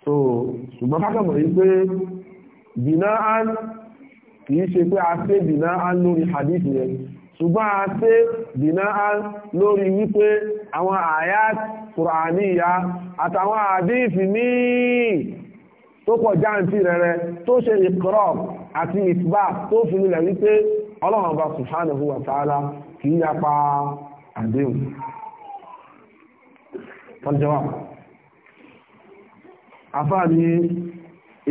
[SPEAKER 1] so ṣùgbọ́n kákẹ́mọ̀ yìí pé bìnà án kì í ṣe pé a ṣe bìnà án lórí hadith yẹn ṣùgbọ́n a ṣe bìnà án lórí wípé àwọn àyà kùràníyà àtàwọn àdéhùn míì tó pọ̀ jáǹtì rẹ̀rẹ̀ tó ṣe ìkọ́rọ̀ àti ìtìbá tó fi nílẹ̀ wípé ọlọ́run ọba subhanahu wa ta'ala kì í yapa àdéhùn tọ́jọ́wà àfáàní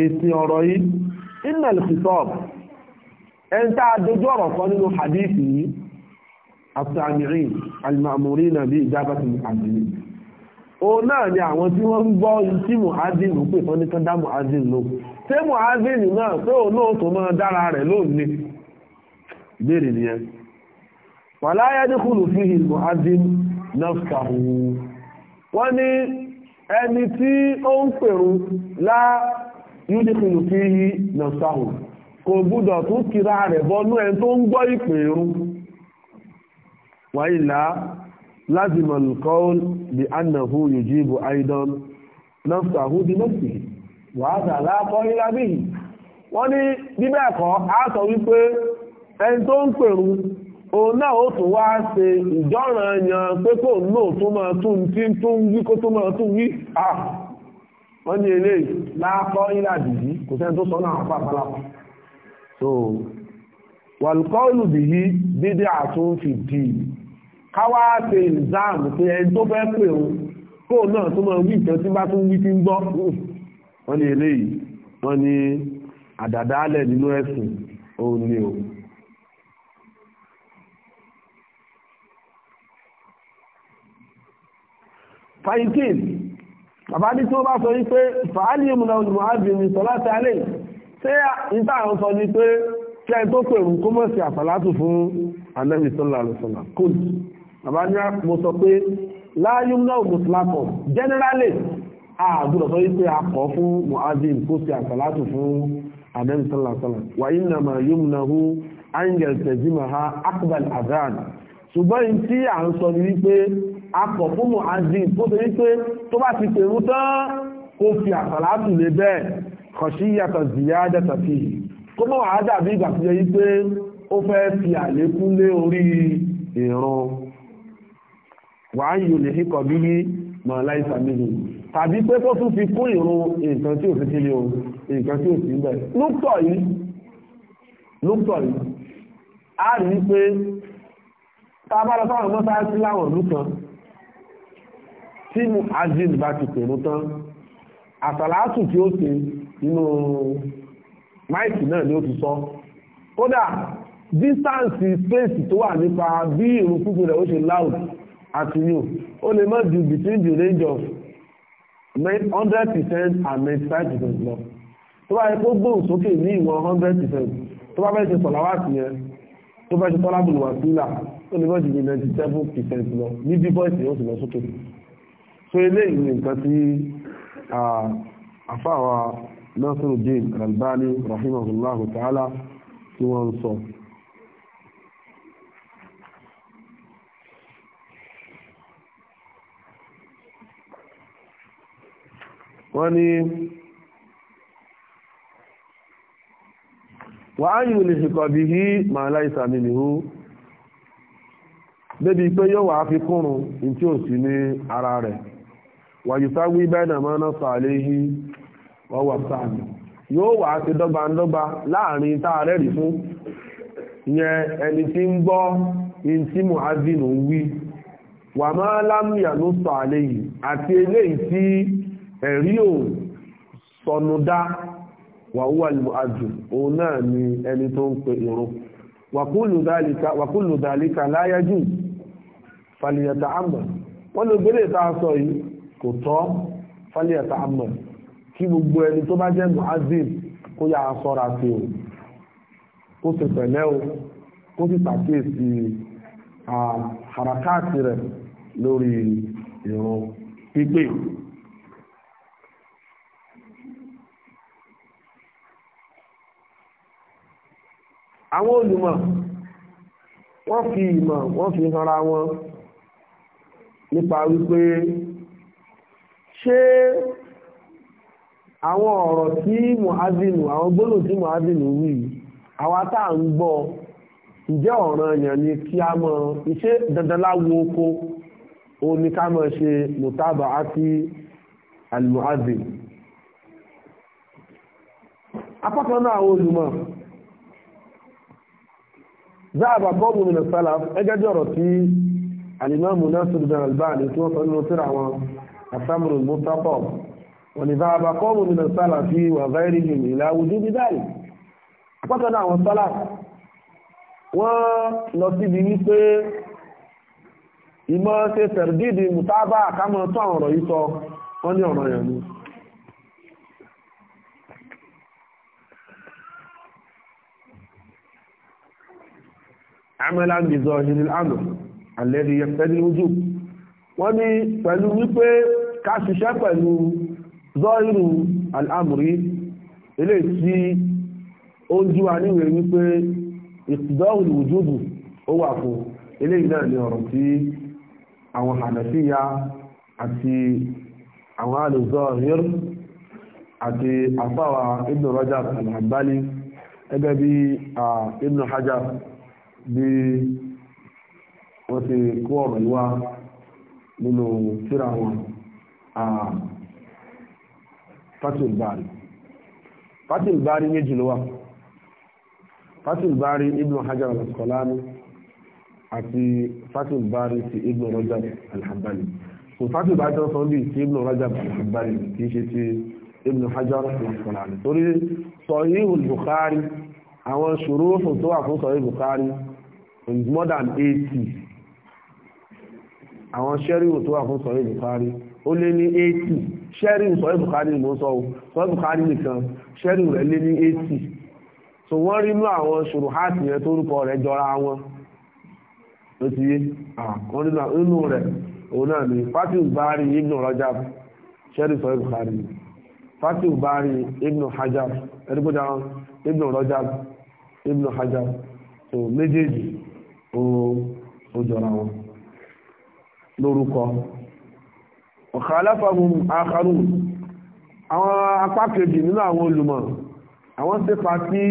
[SPEAKER 1] èsì ọ̀rọ̀ yìí innal khitab ẹn tá a dojú ọ̀rọ̀ kan nínú hadith yìí àti àmìrí al-ma'murina bi ijabati àdéhùn o náà ni àwọn tí wọ́n ń gbọ́ tí muhazin ń pè fún ní kán dá muhazin lò ṣé muhazin náà tó o náà tó máa dára rẹ̀ lónìí ìbéèrè nìyẹn wàlá yadkhulu fihi muhazin nafsahu wọ́n ní ẹni tí ó ń pèrú lá yadkhulu fihi nafsahu kò gbúdọ̀ tún kira rẹ̀ bọ́nú ẹni tó ń gbọ́ ìpèrú wáyìlá لازم القول بأنه يجيب أيضا نفسه بنفسه وهذا لا قائل به wọ́n ní bíbẹ̀ ẹ̀kọ́ a sọ wípé ẹni tó ń pèrú òun náà ó tún wá ṣe ìjọ́ràn yan pé kò náà tún máa tún tí tún wí kó tún máa tún wí à wọ́n ní eléyìí láàkọ́ ìlàdìí kò sẹ́ni tó sọ náà pàpàlápà so wàlùkọ́ olùbìyí bídí àtúnfìdí káwá ṣe exam pé ẹni tó fẹ́ pè ó kó náà tó máa wí ìtàn tí bá tún wí tí ń gbọ́ wọ́n ní eléyìí wọ́n ní àdàdálẹ̀ nínú ẹ̀sìn òun ni o. fàyíkìn bàbá ní tí ó bá sọ yí pé fàálì ìmúna olùmọ̀ ábìnrin sọ láti alẹ́ ṣé ìta àwọn sọ ni pé kí ẹni tó pèrò kó mọ̀ sí àfàlátù fún anẹ́mìsọ́lá àlùsọ̀lá kóòtù bàbá ní mo sọ pé láyún náà mùsùlápọ̀ generally àgbùdọ̀ sọ wípé akọ̀ fún muazin kó sí àsàlátù fún adẹ́mi sọ́làsọ́là wà angel tẹ̀síma ha akbal adan ṣùgbọ́n in tí à ń sọ ní wípé akọ̀ fún muazin kó sọ wípé tó bá ti pèrú tán kó fi àsàlátù lé bẹ́ẹ̀ kọ̀ṣí yàtọ̀ ziyada tàfi ìran wà á yòlè híkọ̀ bí ní mọ̀ láìsà méjì tàbí pé kó tún fi kún ìrun nǹkan tí ò sí kílé o nǹkan tí ò sí bẹ̀ lóòtọ́ yìí lóòtọ́ yìí a rí i pé tá a bá lọ sáwọn mọ́sáàsì láwọn ìlú kan tí mu azil bá ti pèrún tán àsàlátù tí ó ṣe nínú máìkì náà ni ó ti sọ kódà dísáǹsì spéèsì tó wà nípa bí ìrun kúkú rẹ̀ ó ṣe láwùjọ àti you ó lè má ju between the range of hundred percent and ninety-five percent lọ tó bá yẹ kó gbóhùn sókè ní ìwọ̀n hundred percent tó bá fẹ́ ṣe sọ̀làwàtì yẹn tó bá ṣe tọ́lá bùlùwà sílà ó lè má ju ninety-seven percent lọ ní bí bọ́ọ̀sì ó sì lọ sókè so eléyìí ni nǹkan tí àfáà wa Nasiruddin Al-Albani rahimahullahu ta'ala tí wọ́n ń sọ. wọ́n ni wà á yìí lè ṣìkọ̀ bí i máa láìsà pé yóò wà á fi kúrùn ní tí ò sí ní ara rẹ̀ wàjúsáwí bẹ́ẹ̀nà mọ́ ná sọ àléhí ọwọ́ sáàmì yóò wà á ti dọ́gba dọ́gba láàrin fún ẹni tí ń gbọ́ in tí wí wà máa àti eléyìí tí ẹ̀rí ò sọnùdá wàhúwà ìlú àjù òun náà ni ẹni tó ń pe ìrun wàkúlù dàlíkà láyájú fàlìyàtà àmà wọ́n lè gbélé ìta sọ yìí kò tọ́ fàlìyàtà àmà kí gbogbo ẹni tó bá jẹ́ muhazib kó yà á sọ́ra sí o kó sì pẹ̀lẹ́ o kó sì pàkíyèsí àhàràkáàtì rẹ̀ lórí ìrun pípé. àwọn olùmọ̀ wọ́n fi ìmọ̀ wọ́n fi hanra wọn nípa wípé ṣé àwọn ọ̀rọ̀ tí muhazinu àwọn gbólò tí muhazinu wí àwa tá à ń gbọ́ ǹjẹ́ ọ̀ràn èèyàn ni kí a mọ̀ iṣẹ́ dandan láwo oko òun ni ká mọ̀ ṣe mùtábà àti almuhazin apákan náà àwọn olùmọ̀ ذهب بعض من السلف أجدر في الإمام ناصر بن الباني توصل إنه ترعى الثمر المتقاب ولذهب قوم من السلف وغيرهم إلى وجود ذلك أقتنا عن السلف ونصيب مثل ìmọ̀ ṣe tẹ̀rẹ̀dìdì mùtábà kámọ̀ tó àwọn ọ̀rọ̀ yìí sọ wọ́n ní ọ̀rọ̀ yẹn ni amalan bi zahiril amr alladhi yaqtadi al-wujub wọ́n ní pẹ̀lú wípé ká ṣiṣẹ́ pẹ̀lú zọ́ìrù al'amùrí ilé tí ó ń jíwa níwẹ̀ wípé ìtìdọ́hùn ìwòjúbù ó wà fún ilé náà ní ọ̀rọ̀ tí àwọn hànàfíyà àti àwọn alùzọ́ìr àti àfáwà ibn Rajab al-Hanbali ẹgbẹ́ bí ibn Hajar bí wọ́n ti kó ọ̀rọ̀ yìí wá nínú tírà wọn fatul bari méjì ló wà fatul bari ibnu hajar al-asqalani àti fatul bari ti ibnu rajab al-hanbali kò fatul bari tó sọ bí ti ibnu rajab al-hanbali kì í ṣe ti ibnu hajar al-asqalani torí sọ yìí bukhari àwọn ṣòro tó wà fún sọ yìí bukhari is more than eighty àwọn ṣẹ́ríwò tó wà fún sọ̀rọ̀ ìbùkárí ó lé ní eighty ṣẹ́ríwò sọ̀rọ̀ ìbùkárí ni mo sọ o sọ̀rọ̀ ìbùkárí nìkan ṣẹ́ríwò rẹ̀ lé ní eighty so wọ́n rí inú àwọn ṣòro háàtì yẹn tó rúkọ rẹ̀ jọra wọn ló ti yé àwọn nínú rẹ̀ òun náà ni fatiu bari ibnu rajab ṣẹ́ríwò sọ̀rọ̀ ìbùkárí fatiu bari ibnu hajab ẹ̀rígbọ́dá ibnu rajab ibnu hajab so méjèèjì ó jọra wọn lórúkọ ọ̀kàláfàmù akharun àwọn apá kejì nínú àwọn olùmọ̀ àwọn sípa tí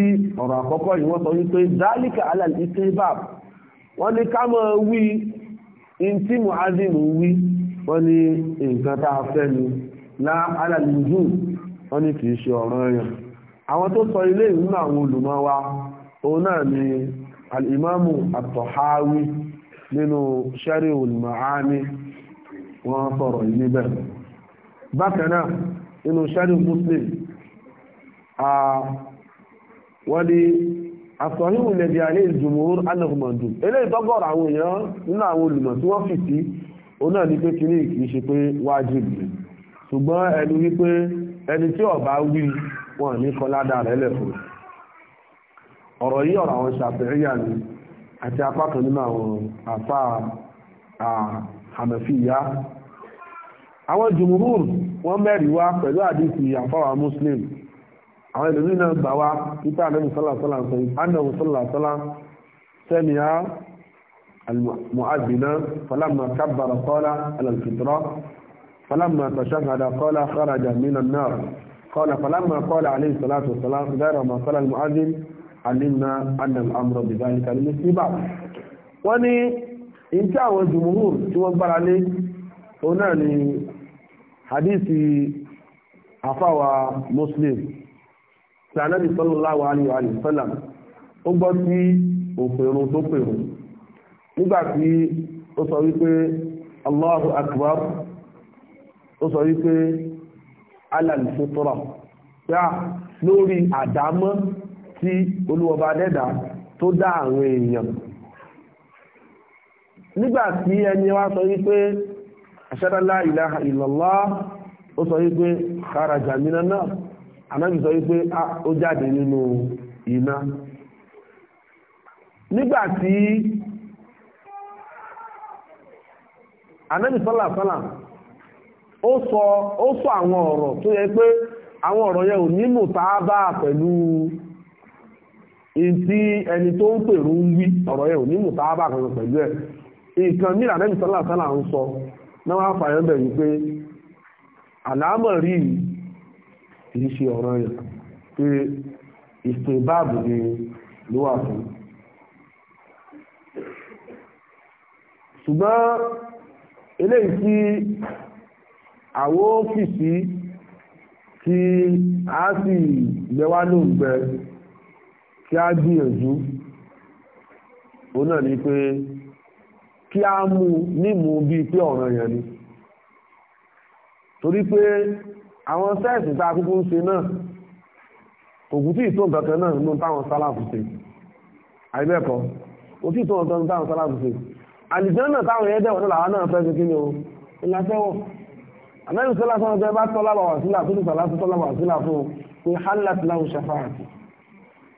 [SPEAKER 1] ọ̀rọ̀ àkọ́kọ́ yìí wọ́n sọ wípé dálíkà alàlìsíbàb wọ́n ní ká mọ̀ wí intí muazin wí wọ́n ní nǹkan tá a fẹ́ ni lá alàlùjù wọ́n ní kìí ṣe ọ̀ranyàn àwọn tó sọ ilé ìlú àwọn olùmọ̀ wa òun náà ni al'imamu àtọ̀háwí nínú shari'ul ma'ani wọ́n sọ̀rọ̀ níbẹ̀ bákanáà nínú shari'ul muslim a wani asọ̀híwù lẹ́bí alẹ́ ìjùmòrò alẹ́kùnmọ̀dù ilé ìtọ́gọ̀rọ̀ àwọn èèyàn nínú àwọn olùmọ̀ tí wọ́n fi sí o náà ní pé kí ní kìí ṣe pé wájìbì ṣùgbọ́n ẹni wípé ẹni tí ó wí wọn ní kọládà rẹ̀ lẹ́fọ̀ọ́ ọ̀rọ̀ yí ọ̀rọ̀ àwọn ṣàbẹ̀ríyà ni àti apá kan nínú àwọn àfà àmẹ̀fíyà àwọn jùmùrùn wọ́n mẹ́rin wá pẹ̀lú àdìsí àfáwà muslim àwọn ìlú náà gbà wá títà àdẹ́mù sọ́làsọ́là sọ ìpánẹ̀wò sọ́làsọ́là sẹ́mìá المؤذن فلما كبر قال على الفطرة فلما تشهد قال خرج من النار قال فلما قال عليه الصلاة والسلام غير ما قال المؤذن alimna annal amra bi dhalika lil istibab wọ́n ní in tí àwọn jumhur tí wọ́n gbára lé òun náà ni hadisi afawa muslim tí anábì sallallahu alaihi wa sallam ó gbọ́ sí òpèrun tó pèrun nígbà tí ó sọ wípé allahu akbar ó sọ wípé alal fitra yá ah, lórí àdámọ́ tí olúwọba dẹ́dà tó dá àwọn èèyàn nígbà tí ẹni wá sọ wípé aṣádálá ìlàhà ìlọ́lá ó sọ wípé kára jàmínà náà anábì sọ wípé ó jáde nínú iná nígbà tí anábì ó sọ àwọn ọ̀rọ̀ tó yẹ pé àwọn ọ̀rọ̀ yẹn ò ní ntí ẹni tó ń pèrò ń wí ọ̀rọ̀ yẹn ò ní mùtá bá kankan pẹ̀lú ẹ̀ nǹkan mìíràn lẹ́yìn sọ́lá sọ́lá ń sọ náà wá fàyọ́ bẹ̀ wípé àlámọ̀ rí kìí ṣe ọ̀rọ̀ yẹn pé ìsìn báàbù ni ló wà fún. ṣùgbọ́n eléyìí tí àwọn ọ́fíìsì tí a sì gbẹ wá lóògbẹ́ tí a gbìyànjú ó náà ni pé kí a mú nímú bí pé ọ̀ràn yẹn ni torí pé àwọn sẹ́ẹ̀sì tá a kúkú ń ṣe náà kò kú tí ìtò nǹkan kan náà nínú táwọn sálàfù ṣe àìbẹ́ẹ̀kọ́ kò tí ìtò nǹkan táwọn sálàfù ṣe àlìjánà táwọn ẹ̀ẹ́dẹ̀ wọn làwọn náà fẹ́ ṣe kí o ìlàfẹ́wọ̀ àmẹ́rin sọ́lá sọ́nà tẹ́ bá tọ́lá wà sílà tó ti sàlá tó tọ́lá wà sílà fún un pé hálà ti láwùṣàfáà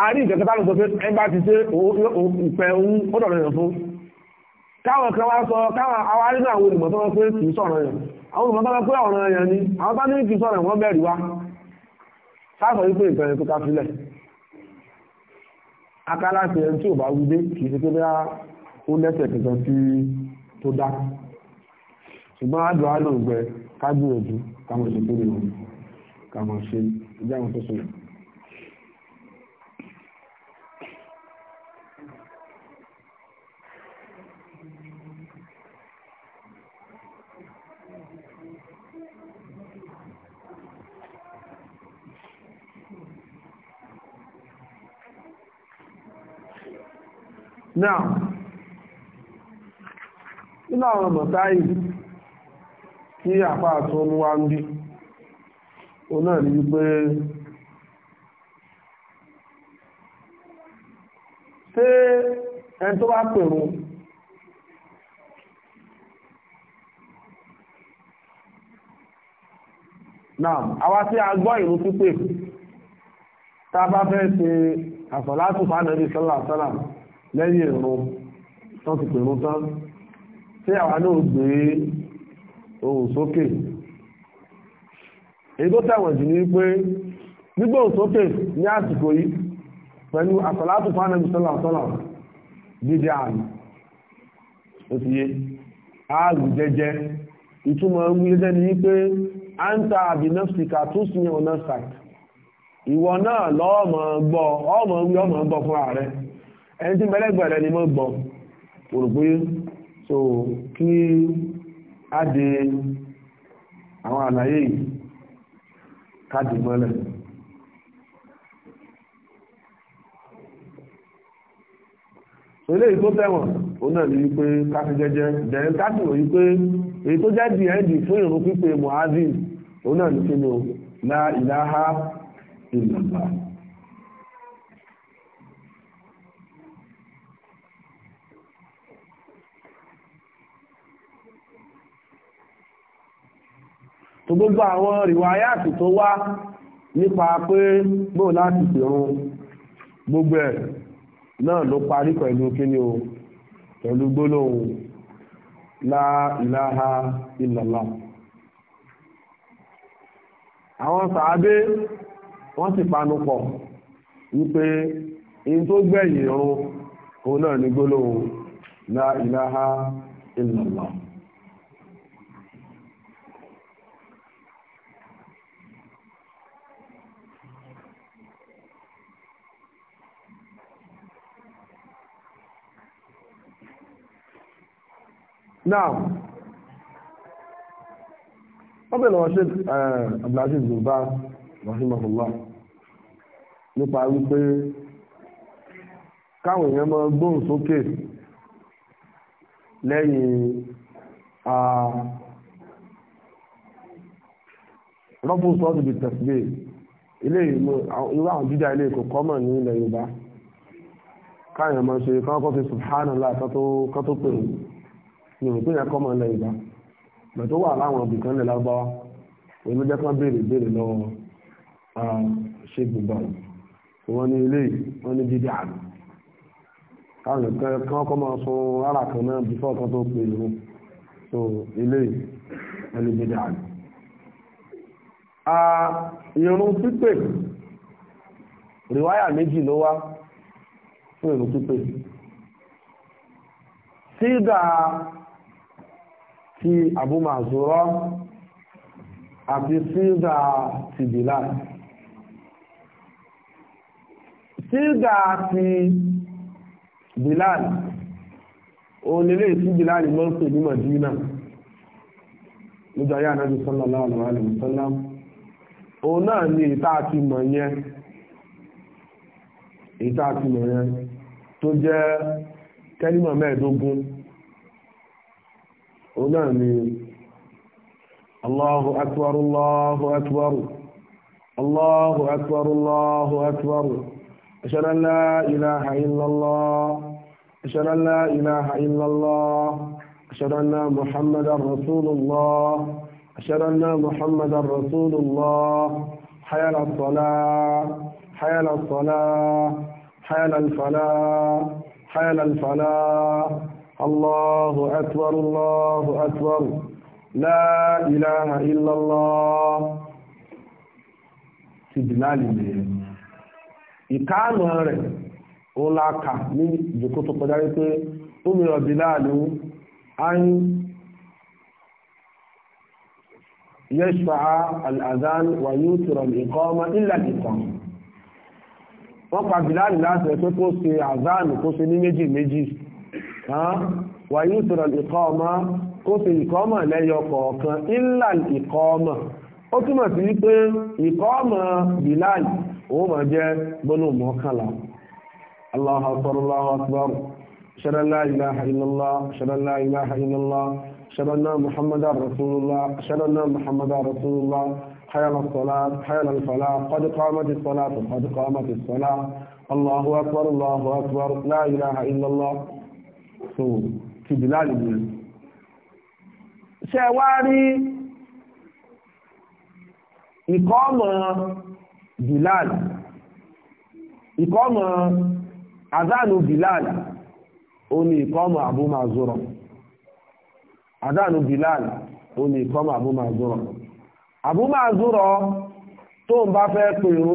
[SPEAKER 1] àárín ìjọba bá sọ pé ẹgbà ti ṣe ìfẹ́ ohun ó dọ̀rọ̀ fún káwọn kan wá sọ káwọn awárí náà àwọn olùmọ̀ tó pé kì sọ̀rọ̀ yẹn àwọn olùmọ̀ tó pé ọ̀rọ̀ yẹn ni àwọn bá ní kì sọ̀rọ̀ wọ́n bẹ̀rù wa sáàsọ̀ wípé ìfẹ́ yẹn ká sílẹ̀ akálá ti ẹni tí ò bá wí dé kì ṣe pé bí ó lẹ́sẹ̀ kankan tí tó dá ṣùgbọ́n àdùn àdùn gbẹ ká gbìyànjú ká mọ̀ ṣe kúrò ká ṣe ìjáwọn tó sọ̀rọ̀ náà nínú àwọn mọ̀táì tí àpá àtún wá ń bí o náà ṣé ẹni tó bá pèrún náà tí bá fẹ́ ṣe sọ́lá sọ́lá lẹ́yìn ìrun tán ti pèrún tán tí àwa náà gbé ohùn sókè èyí tó tẹ̀wọ̀n jù ní pé gbígbé ohùn sókè ní àsìkò yìí pẹ̀lú àsàlátù fánàbí sọ́làsọ́là dídí àmì ó ààrùn jẹjẹ ìtumọ̀ wí jẹjẹ ni pé à ń ta tó ọ̀nà ìwọ náà lọ́ọ̀mọ̀ gbọ́ ọmọ wí ọmọ gbọ́ fún ààrẹ ẹni tí ni mọ́ gbọ́ so kí á di àwọn àlàyé káàdì mọ́lẹ̀ so eléyìí tó tẹ̀wọ̀n òun náà ní wípé káfí jẹ́jẹ́ dẹ̀rẹ́ káfí wò wípé èyí tó jẹ́ di ẹ̀ndì fún ìrun pípe muhazin òun náà ní ilaha tó gbogbo àwọn rìwáyàtì tó wá nípa pé bó láti pèrún gbogbo ẹ̀ náà ló parí pẹ̀lú kíni o pẹ̀lú gbólóhùn la ilaha illallah àwọn sàábé wọ́n sì panu pọ̀ wípé in tó gbẹ̀yìn irun òun náà ní gbólóhùn la ilaha illallah now wọ́n bẹ̀rẹ̀ lọ́wọ́ ṣe eh, abdulaziz zuba rahimahullah nípa wípé káwọn èèyàn máa gbóhùn sókè lẹ́yìn rọ́pù sọ́ọ̀tù bíi tẹ̀síbẹ̀ ilé ìmọ̀ irú àwọn jíjà ilé ìkọ̀ kọ́mọ̀ ní ilẹ̀ yorùbá káwọn èèyàn máa ṣe kọ́kọ́ fi subhanallah kátó pè wọ́n ni òun tó yẹ kọ́ máa lọ ìgbà bẹ̀ tó wà láwọn ibì kan lè lágbáwá òun ló jẹ́ kán béèrè béèrè lọ́wọ́ ṣe gbogbo àyè wọ́n ní ilé wọ́n ní dídí àná káwọn kan kán kọ́ máa sun ara kan náà bí fọ́ọ̀kan tó pè é so ilé wọ́n ní dídí àná. ìrun pípè rìwáyà méjì ló wá fún ìrun pípè sídà ti Abu Mazura àti sídà ti Bilal sídà ti Bilal òun lè lè sí Bilal mọ́ pè ní Madina lójú ayé ànájú sallallahu alaihi wasallam o náà ni ìta ti mọ̀ yẹn ìta ti mọ̀ yẹn tó jẹ́ kẹ́límọ̀ mẹ́ẹ̀ẹ́dógún òun náà ni Allahu akbar Allahu akbar Allahu akbar Allahu akbar ashhadu an la ilaha illallah ashhadu an la ilaha illallah ashhadu anna muhammadar rasulullah ashhadu anna muhammadar rasulullah hayya ala salah hayya ala salah hayya ala falah hayya ala falah الله أكبر الله أكبر لا إله إلا الله سيدنا لله ìkáàmù rẹ̀ ó láka ní ìjòkó tó kọjá wípé ó mìíràn bí láàrin áyín yẹ́ṣfàá al'adán wà yóò tìrọ̀ ìkọ́ ọmọ ilẹ̀ ìkọ̀ wọ́n pa bí láàrin láti ẹ̀ pé kó ṣe àzánù kó ṣe ní méjì méjì wàyí ìtura ìkọ́ ọmọ kó fi ìkọ́ ọmọ lẹ́yọ kọ̀ọ̀kan ńlá ìkọ́ ọmọ ó túmọ̀ sí wípé ìkọ́ ọmọ bilal òun máa jẹ́ gbónú mọ́kànlá Allahu akbar Allahu akbar ṣẹlẹ̀ la ilaha illallah ṣẹlẹ̀ la ilaha illallah ṣẹlẹ̀ náà muhammadu rasulullah ṣẹlẹ̀ náà muhammadu rasulullah حي على الصلاة حي على الفلاح قد قامت الصلاة قد قامت الصلاة الله أكبر الله أكبر لا إله إلا الله so ti bilali ni se wa ri ikomo bilal ikomo azanu bilal oni ikomo abu mazura azanu bilal oni ikomo abu mazura abu mazura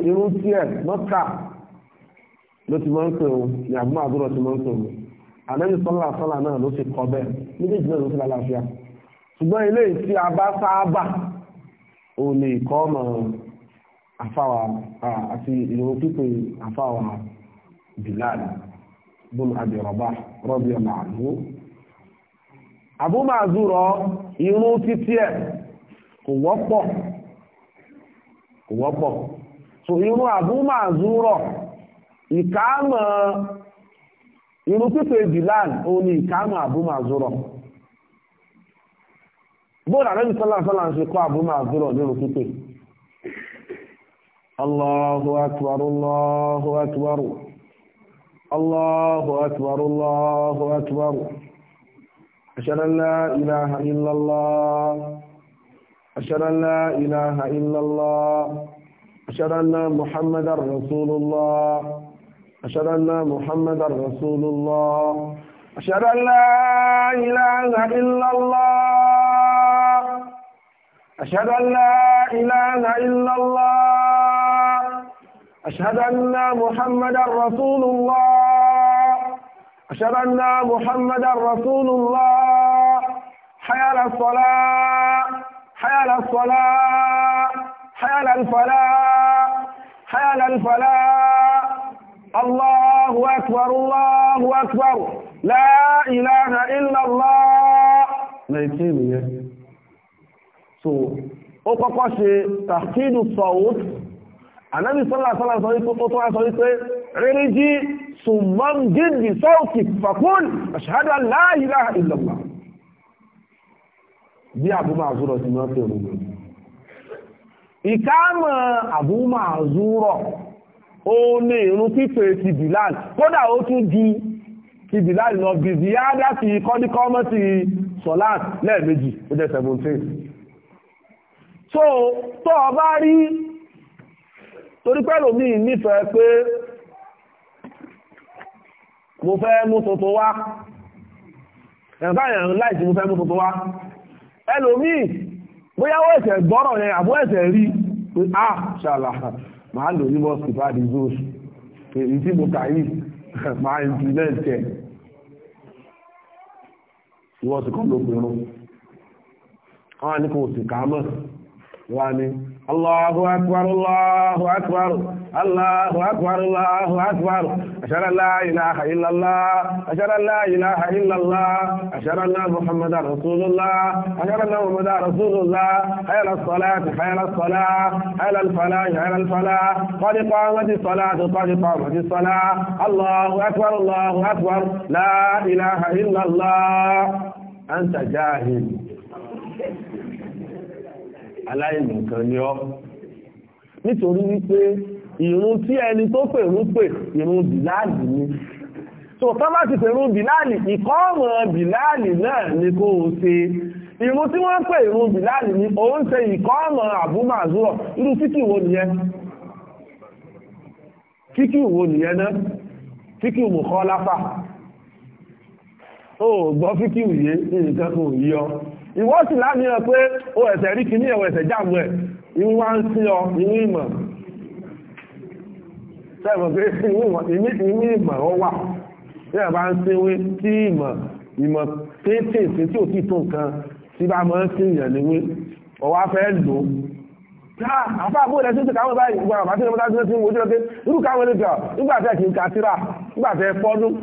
[SPEAKER 1] irun ti e moka lo ti mo n pe ni abu mazura ànábì sọ́lá sọ́lá náà ló ti kọ́ bẹ́ẹ̀ méjèèjì náà ló ti lálàáfíà ṣùgbọ́n ilé tí a bá sáábà ò lè kọ́ ọmọ àfáwà àti ìròyìn pípé àfáwà Bilal bùn Abi Rabah rọ́bì ọ̀nà àdúgbò Abu Mazura irun títí ẹ̀ kò wọ́pọ̀ kò wọ́pọ̀ so irun Abu Mazura ìkáàmọ̀ irun pípẹ́ bilan òun ni ìkánu àbúmàzúrọ̀ bóòdà lẹ́yìn sọ́làsọ́là ń ṣe kọ́ àbúmàzúrọ̀ nínú pípẹ́ Allahu akbar Allahu akbar Allahu akbar Allahu akbar ashhadu an la ilaha illa Allah ashhadu an la ilaha illa Allah ashhadu anna Muhammadar Rasulullah أشهد أن محمدا رسول الله أشهد أن لا إله إلا الله أشهد أن لا إله إلا الله أشهد أن محمدا رسول الله أشهد أن محمدا رسول الله حي على الصلاة حي على الصلاة حي على الفلاح حي على الفلاح Allahu akbar, Allahu akbar, la ilaha illallah. Nàìjí nìyẹn. So, ó kọ́kọ́ ṣe tàkídù sọ̀wọ́t. Ànábì sọ́lá sọ́lá sọ wípé ó tó wá sọ wípé rírí jí sùnmọ́n gídì sọ́ọ̀kì fàkún ashhadu an la ilaha illallah. Bí àbúmọ̀ àzúrọ̀ òun ni ìrun pípẹ́ ti bilal kódà ó tún ju ti bilal lọ bí ziyada ti kọ́díkọ́mọ́ ti sọ̀láàt lẹ́ẹ̀mejì ó jẹ́ 17 so tó o bá rí torí pẹ́lú mi nífẹ̀ẹ́ pé mo fẹ́ mú tuntun wá ẹ̀fáyàn láìsí mo fẹ́ mú tuntun wá ẹlòmíì bóyá ó ẹ̀sẹ̀ gbọ́rọ̀ yẹn àbó ẹ̀sẹ̀ rí pé ah ṣàlàyé máa lò ní mọ́sí bá di zoos èyí tí mo kà yìí máa implement ẹ̀ ìwọ́n ti kọ́ ló pè rún wọ́n ní kò sì kà wọ́n ní Allahu akbar Allahu akbar Allahu akbar Allahu akbar ashara la ilaha illallah ashara la ilaha illallah ashara anna muhammadar rasulullah ashara anna muhammadar rasulullah hayal as-salat hayal as-salat hayal al-falah hayal al-falah qad qamat as-salat qad qamat as-salah Allahu akbar Allahu akbar la ilaha illallah anta jahil aláìmọ̀kan ni ọ́ nítorí wípé ìrun tí ẹni tó pè ń pè ìrun bìláàlì ni so tán bá ti pèrú bìláàlì ìkọ́ọ̀mọ̀ bìláàlì náà ni kó o ṣe ìrun tí wọ́n pè ìrun bìláàlì ni ó ń ṣe ìkọ́ọ̀mọ̀ àbúmàzúrọ̀ irú kíkì wo nìyẹn kíkì wo nìyẹn náà kíkì mùkọ́ láfà ó gbọ́ fíkì òye nǹkan kò yí ọ ìwọ́sì lámìíràn pé ó ẹ̀sẹ̀ rí kìíní ẹ̀wọ̀ ẹ̀sẹ̀ jáàmù ẹ̀ ìwọ́n ń sí ọ ìwọ́n ìmọ̀ sẹ́wọ̀n pé ìmí ìmọ̀ ọ wà tí a bá ń sínwé tí ìmọ̀ ìmọ̀ tètè tí ò tí tó nǹkan tí bá mọ́ sí ìyàn níwé ọwá fẹ́ lò ó àfá àbúrò rẹ̀ títí káwọn báyìí gbogbo àbátí ọmọdé tí ó ti ń wojú lọ́pẹ́ irú káwọn lè jọ nígbàtẹ́ kì í ka síra nígbàtẹ́ fọ́dún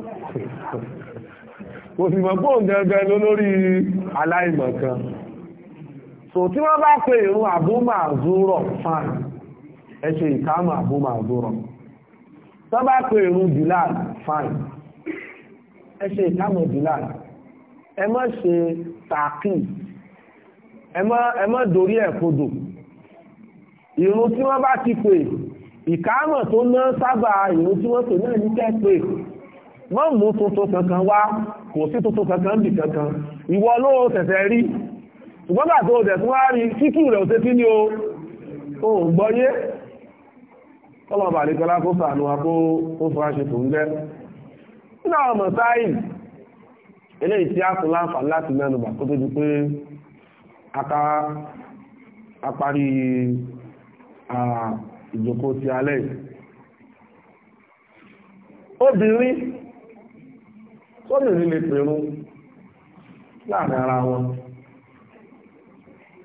[SPEAKER 1] kò sì mọ̀ pé òun gangan lólórí aláìmọ̀ kan so tí wọ́n bá pe ìrun àbúmọ̀ àzúrọ̀ fáàn ẹ ṣe ìkámọ̀ àbúmọ̀ àzúrọ̀ tó bá pè ìrun bilal fine ẹ ṣe ìkámọ̀ bilal ẹ má ṣe tààkì ẹ má dorí ẹ̀ kodò ìrun tí wọ́n bá ti pè ìkámọ̀ tó ná sábà ìrun tí wọ́n pè náà ní kẹ́ pè wọ́n mú tuntun kankan wá kò sí tuntun kankan bì kankan ìwọ ló tẹ̀tẹ̀ rí ṣùgbọ́n bàtò òdẹ̀ tí wọ́n á rí kíkì rẹ̀ ò tẹ́tí ní o ò gbọ́yé kọ́lọ̀bà àríkọlá kó sàánú akó ó fún aṣe tó ń gẹ́ nínú àwọn mọ̀sáì eléyìí tí a tún láǹfààní láti mẹ́nubà kó tó di pé aka apárí ìjókòó ti alẹ́ obìnrin sóbìnrin lè pèrún láàrin ara wọn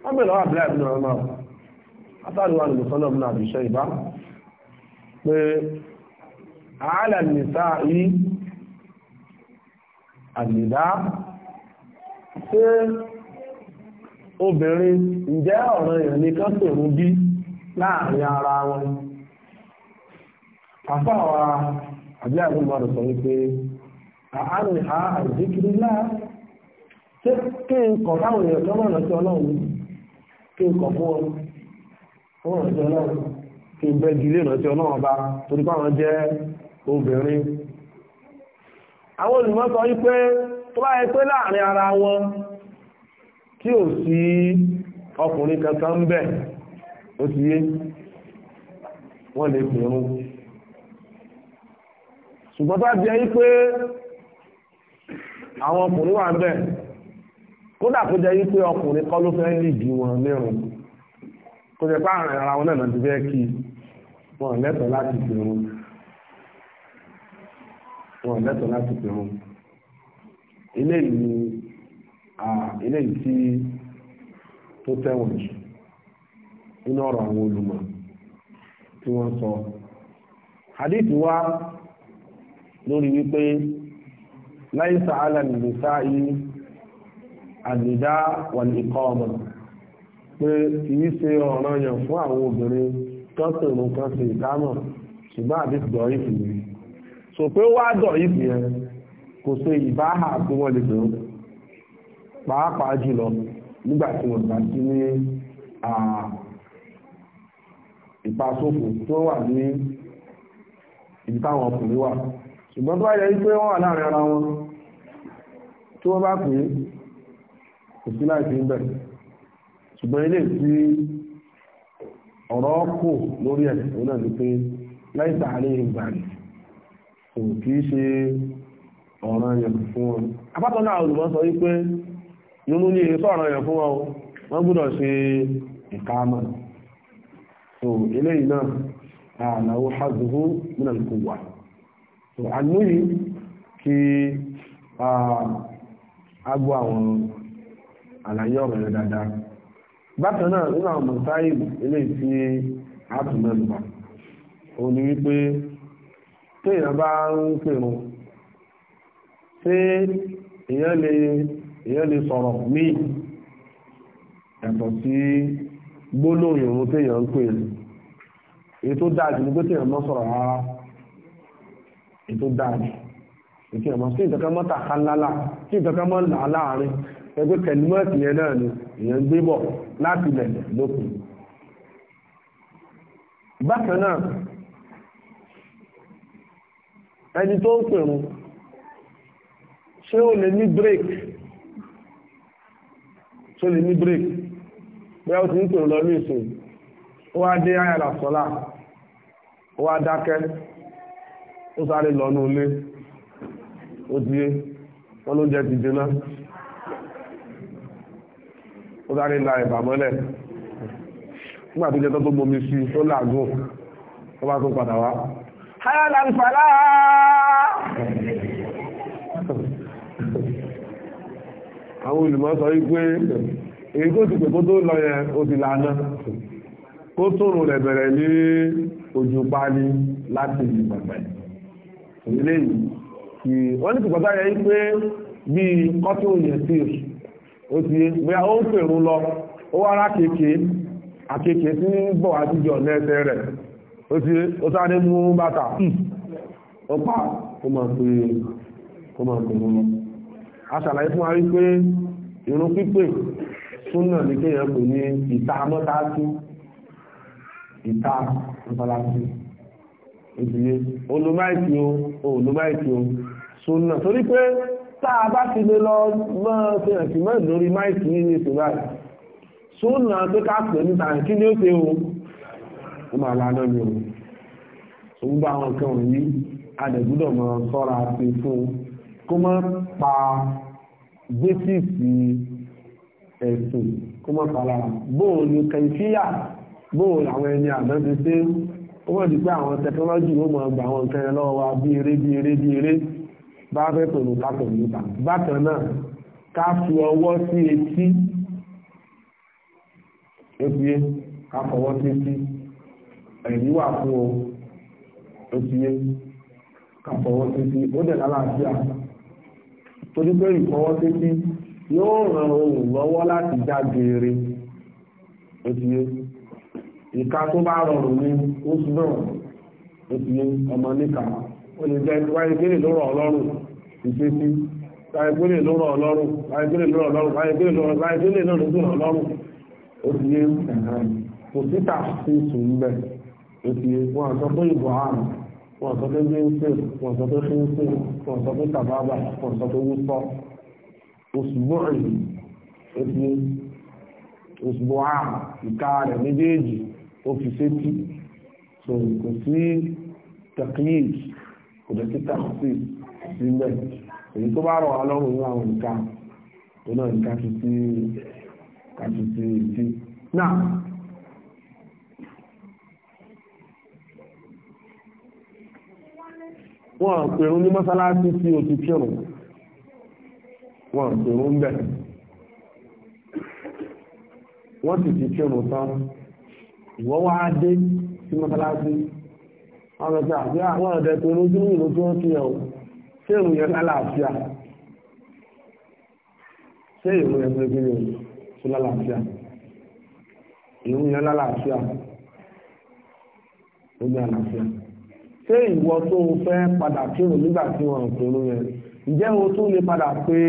[SPEAKER 1] wọ́n bèèrè wà bí i àbínú ọmọ àtàríwá nìbùsọ́nà ọmọ àbíṣẹ́ ìbá pé àálà nìta yìí àdìdá pé obìnrin ǹjẹ́ ọ̀rọ̀ ìrìn pèrú bí láàrin ara wọn àfáwà àbí àgbẹ̀mọ̀rọ̀ sọ wípé àárín ha àdìkiri náà tí kí n kọ̀ láwọn èèyàn tó mọ̀nà sí ọlọ́run kí n kọ̀ fún ọ fún kí n bẹ́ gilé ìrántí ọlọ́run bá torí báwọn jẹ́ obìnrin àwọn olùmọ̀ sọ wípé tó bá yẹ pé láàrin ara wọn tí ò sí ọkùnrin kankan ń bẹ̀ ó ti yé wọ́n lè pè rún ṣùgbọ́n bá jẹ́ wípé àwọn ọkùnrin wà ń bẹ̀ kódà kó jẹ́ wípé ọkùnrin kọ́ ló fẹ́ lì jù wọn kò jẹ́ pé àrùn ara wọn náà ti fẹ́ kí wọn lẹ́tọ̀ọ́ láti pèrún wọn lẹ́tọ̀ọ́ láti pèrún eléyìí eléyìí tí tó tẹ̀wọ̀n jù nínú ọ̀rọ̀ àwọn olùmọ̀ tí wọ́n sọ hadith wa lórí wípé láìsà alàmì àdìdá wà ní ìkọ́ ọmọ pé kìí ṣe ọ̀ràn yàn fún àwọn obìnrin kọ́sìnrún kan ṣe ìdámọ̀ ṣùgbọ́n àbí dọ̀ ìfì yẹn sọ pé wá dọ̀ ìfì yẹn kò ṣe ìbáhà tí wọ́n lè dùn pàápàá jùlọ nígbà tí wọ́n bá sí ní ìpasòfò tí wọ́n wà ní ibi táwọn ọkùnrin wà ṣùgbọ́n tó bá yẹ pé wọ́n wà láàrin ara wọn tí wọ́n bá pè é kò sí láì fi ń bẹ̀rẹ̀. ṣùgbọ́n ilé tí ọ̀rọ̀ kò lórí ẹ̀ òun náà ni pé láì sàárè ya kò kì í ṣe ọ̀ràn yẹn fún wọn apákan náà olùmọ̀ sọ wípé ní èso ọ̀ràn yẹn fún wọn wọ́n gbọ́dọ̀ ṣe ìkáàmọ̀ so eléyìí náà àlàó hazuhu nínú so àníyí kí a gbọ́ àwọn àlàyé ọ̀rọ̀ yẹn dáadáa bákan náà nínú àwọn mọ̀sáìbù ilé tí a tún mẹ́nu bá òun ni wípé tí èèyàn bá ń pèrún tí èèyàn lè èèyàn lè sọ̀rọ̀ míì yàtọ̀ sí gbólóhùn ìrún tí èèyàn ń pèrún èyí tó dáa jù ní pé tí èèyàn mọ́ sọ̀rọ̀ rárá èyí tó dáa jù èyí tí èèyàn mọ́ sí ìtọ́kẹ́ mọ́ta kan sí ìtọ́kẹ́ mọ́ là láàrin ẹgbẹ́ kẹ̀lúmọ́ọ̀tì yẹn náà ni èèyàn ń gbé bọ̀ láti lẹ̀ lópin. bákan náà ẹni tó ń pèrún ṣé ó lè ní break ṣé ó lè ní break bí a ti ń pèrún lọ ní ìsìn ó wá dé ayàlà sọ́lá ó wá dákẹ́ ó sáré lọ ní ilé ó ti yé wọn ló jẹ ti dènà ó sáré la ẹ̀bà mọ́lẹ̀ nígbà tó jẹ́ tó tó gbomi sí tó làágùn tó bá tún padà wá hayala nfàlá àwọn olùmọ̀ sọ wípé èyí tó ti pè kó tó lọ yẹn ó ti lànà kó tóòrùn rẹ̀ bẹ̀rẹ̀ ní ojú páálí láti ìgbàgbẹ̀ ilé yìí wọ́n ní ó ti bóyá ó ń pèrú lọ ó wá rá kéèké tí ní bọ̀ àtijọ́ lẹ́sẹ̀ rẹ̀ ó ó sáré mú bàtà hmm. ó ó máa pè ó máa pèrú lọ a ṣàlàyé fún wa rí pé ìrun pípè súnà ní kéèyàn pè ní ìta mọ́tásí ìta olùmáìkì o olùmáìkì o súnà torí pé táa bá ti lè lọ mọ́ ṣe hàn sí mẹ́rin lórí máìkì nínú ètò báyìí súnà pé ká pè níta kí ni ó ṣe o ó máa la lọ́lẹ̀ o gbogbo àwọn nǹkan wọ̀nyí adẹ̀gbúdọ̀ mọ́ sọ́ra sí fún kó má pa bẹ́sìsì ẹ̀sìn kó má pa lára bóò ni kẹ̀kíyà bóò làwọn ẹni àná ti ṣe ó mọ̀ sí pé àwọn tẹkinọ́lọ́jì ó mọ̀ gbà àwọn nǹkan yẹn lọ́wọ́ wa bí eré bí eré bí eré bá fẹ́ pẹ̀lú kápẹ̀ níta bákan náà ká fi ọwọ́ sí etí efiye ká fọwọ́ sí etí ẹ̀rí wà fún o efiye ká fọwọ́ sí etí ó dẹ̀ lálàáfíà torí pé ìfọwọ́ sí etí yóò ràn ohùn lọ́wọ́ láti já geere efiye ìka tó bá rọrùn ní oṣù náà efiye ọmọ níkàá olùjẹ wáyégbélé ló rọ̀ ọlọ́run ìṣesí wáyégbélé ló rọ̀ ọlọ́run wáyégbélé ló rọ̀ ọlọ́run wáyégbélé ló rọ̀ wáyégbélé náà ló dùn ọlọ́run ó ti yé kò títà sí sùn bẹ ó ti yé wọn kò dé sí taxi sílẹ̀ èyí tó bá rọ̀ wá lọ́rùn ní àwọn nǹkan tó náà ní káṣí sí káṣí sí etí. náà wọ́n pèrún ní mọ́sálásí sí oṣù kírùn wọ́n pèrún bẹ̀ wọ́n sì ti kírùn tán ìwọ́ wá dé sí mọ́sálásí ọ̀rọ̀gbà àbí àwọn ọ̀dẹ̀ tó lójú ìlú tó ń kí ẹ̀wọ̀ ṣé ìrù lálàáfíà ṣé ìrù yẹn tó lálàáfíà ìrù lálàáfíà ó gbé àlàáfíà ṣé ìwọ tó ń fẹ́ padà kírun nígbà tí wọ́n ń pèrú yẹn ǹjẹ́ o tún lè padà pé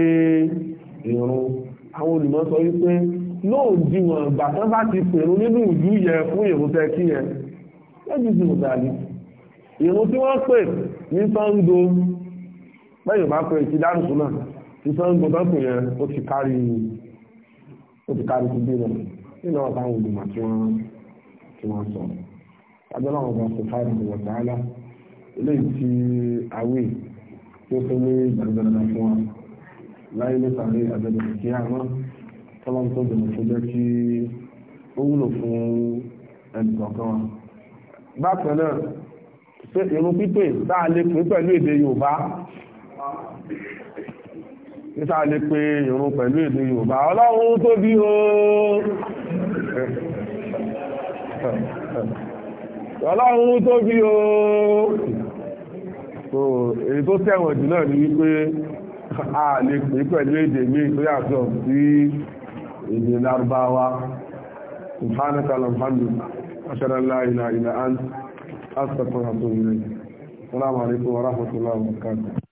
[SPEAKER 1] ìrun àwọn olùmọ̀ sọ wípé lóò díwọ̀n ìgbà tán bá ti pèrú nínú ìlú yẹn fún ìrun tẹ́kí yẹn lẹ́jì ìrun tí wọ́n pè ní Ṣàngó bẹ́yìn bá pè ti dárùsù náà ti Ṣàngó tọ́pù yẹn ó ti kárí ó ti kárí ti bímọ nínú ọ̀tá àwọn olùmọ̀ tí wọ́n tí wọ́n sọ ọjọ́ náà wọ́n sọ fáìlì tó wọ̀tá alá eléyìí ti àwẹ̀ tí ó fẹ́ ní ìgbàlódé fún wa láyé nípàdé àjọyọ̀ kí á mọ́ tọ́lá tó bẹ̀rẹ̀ fún jẹ́ kí ó wúlò fún ẹnì kọ̀ọ̀kan wa bákan náà pé irun pípè táà lè pè pẹ̀lú èdè Yorùbá títà lè pè irun pẹ̀lú èdè Yorùbá Ọlọ́run tó bí o Ọlọ́run tó bí o so èyí tó tẹ̀wọ̀n jù náà ni wípé a lè pè pẹ̀lú èdè míì tó yàtọ̀ sí èdè Lárúbáwá subhanaka alhamdulillah ashhadu an la ilaha illa anta أستغفر الله السلام عليكم ورحمة الله وبركاته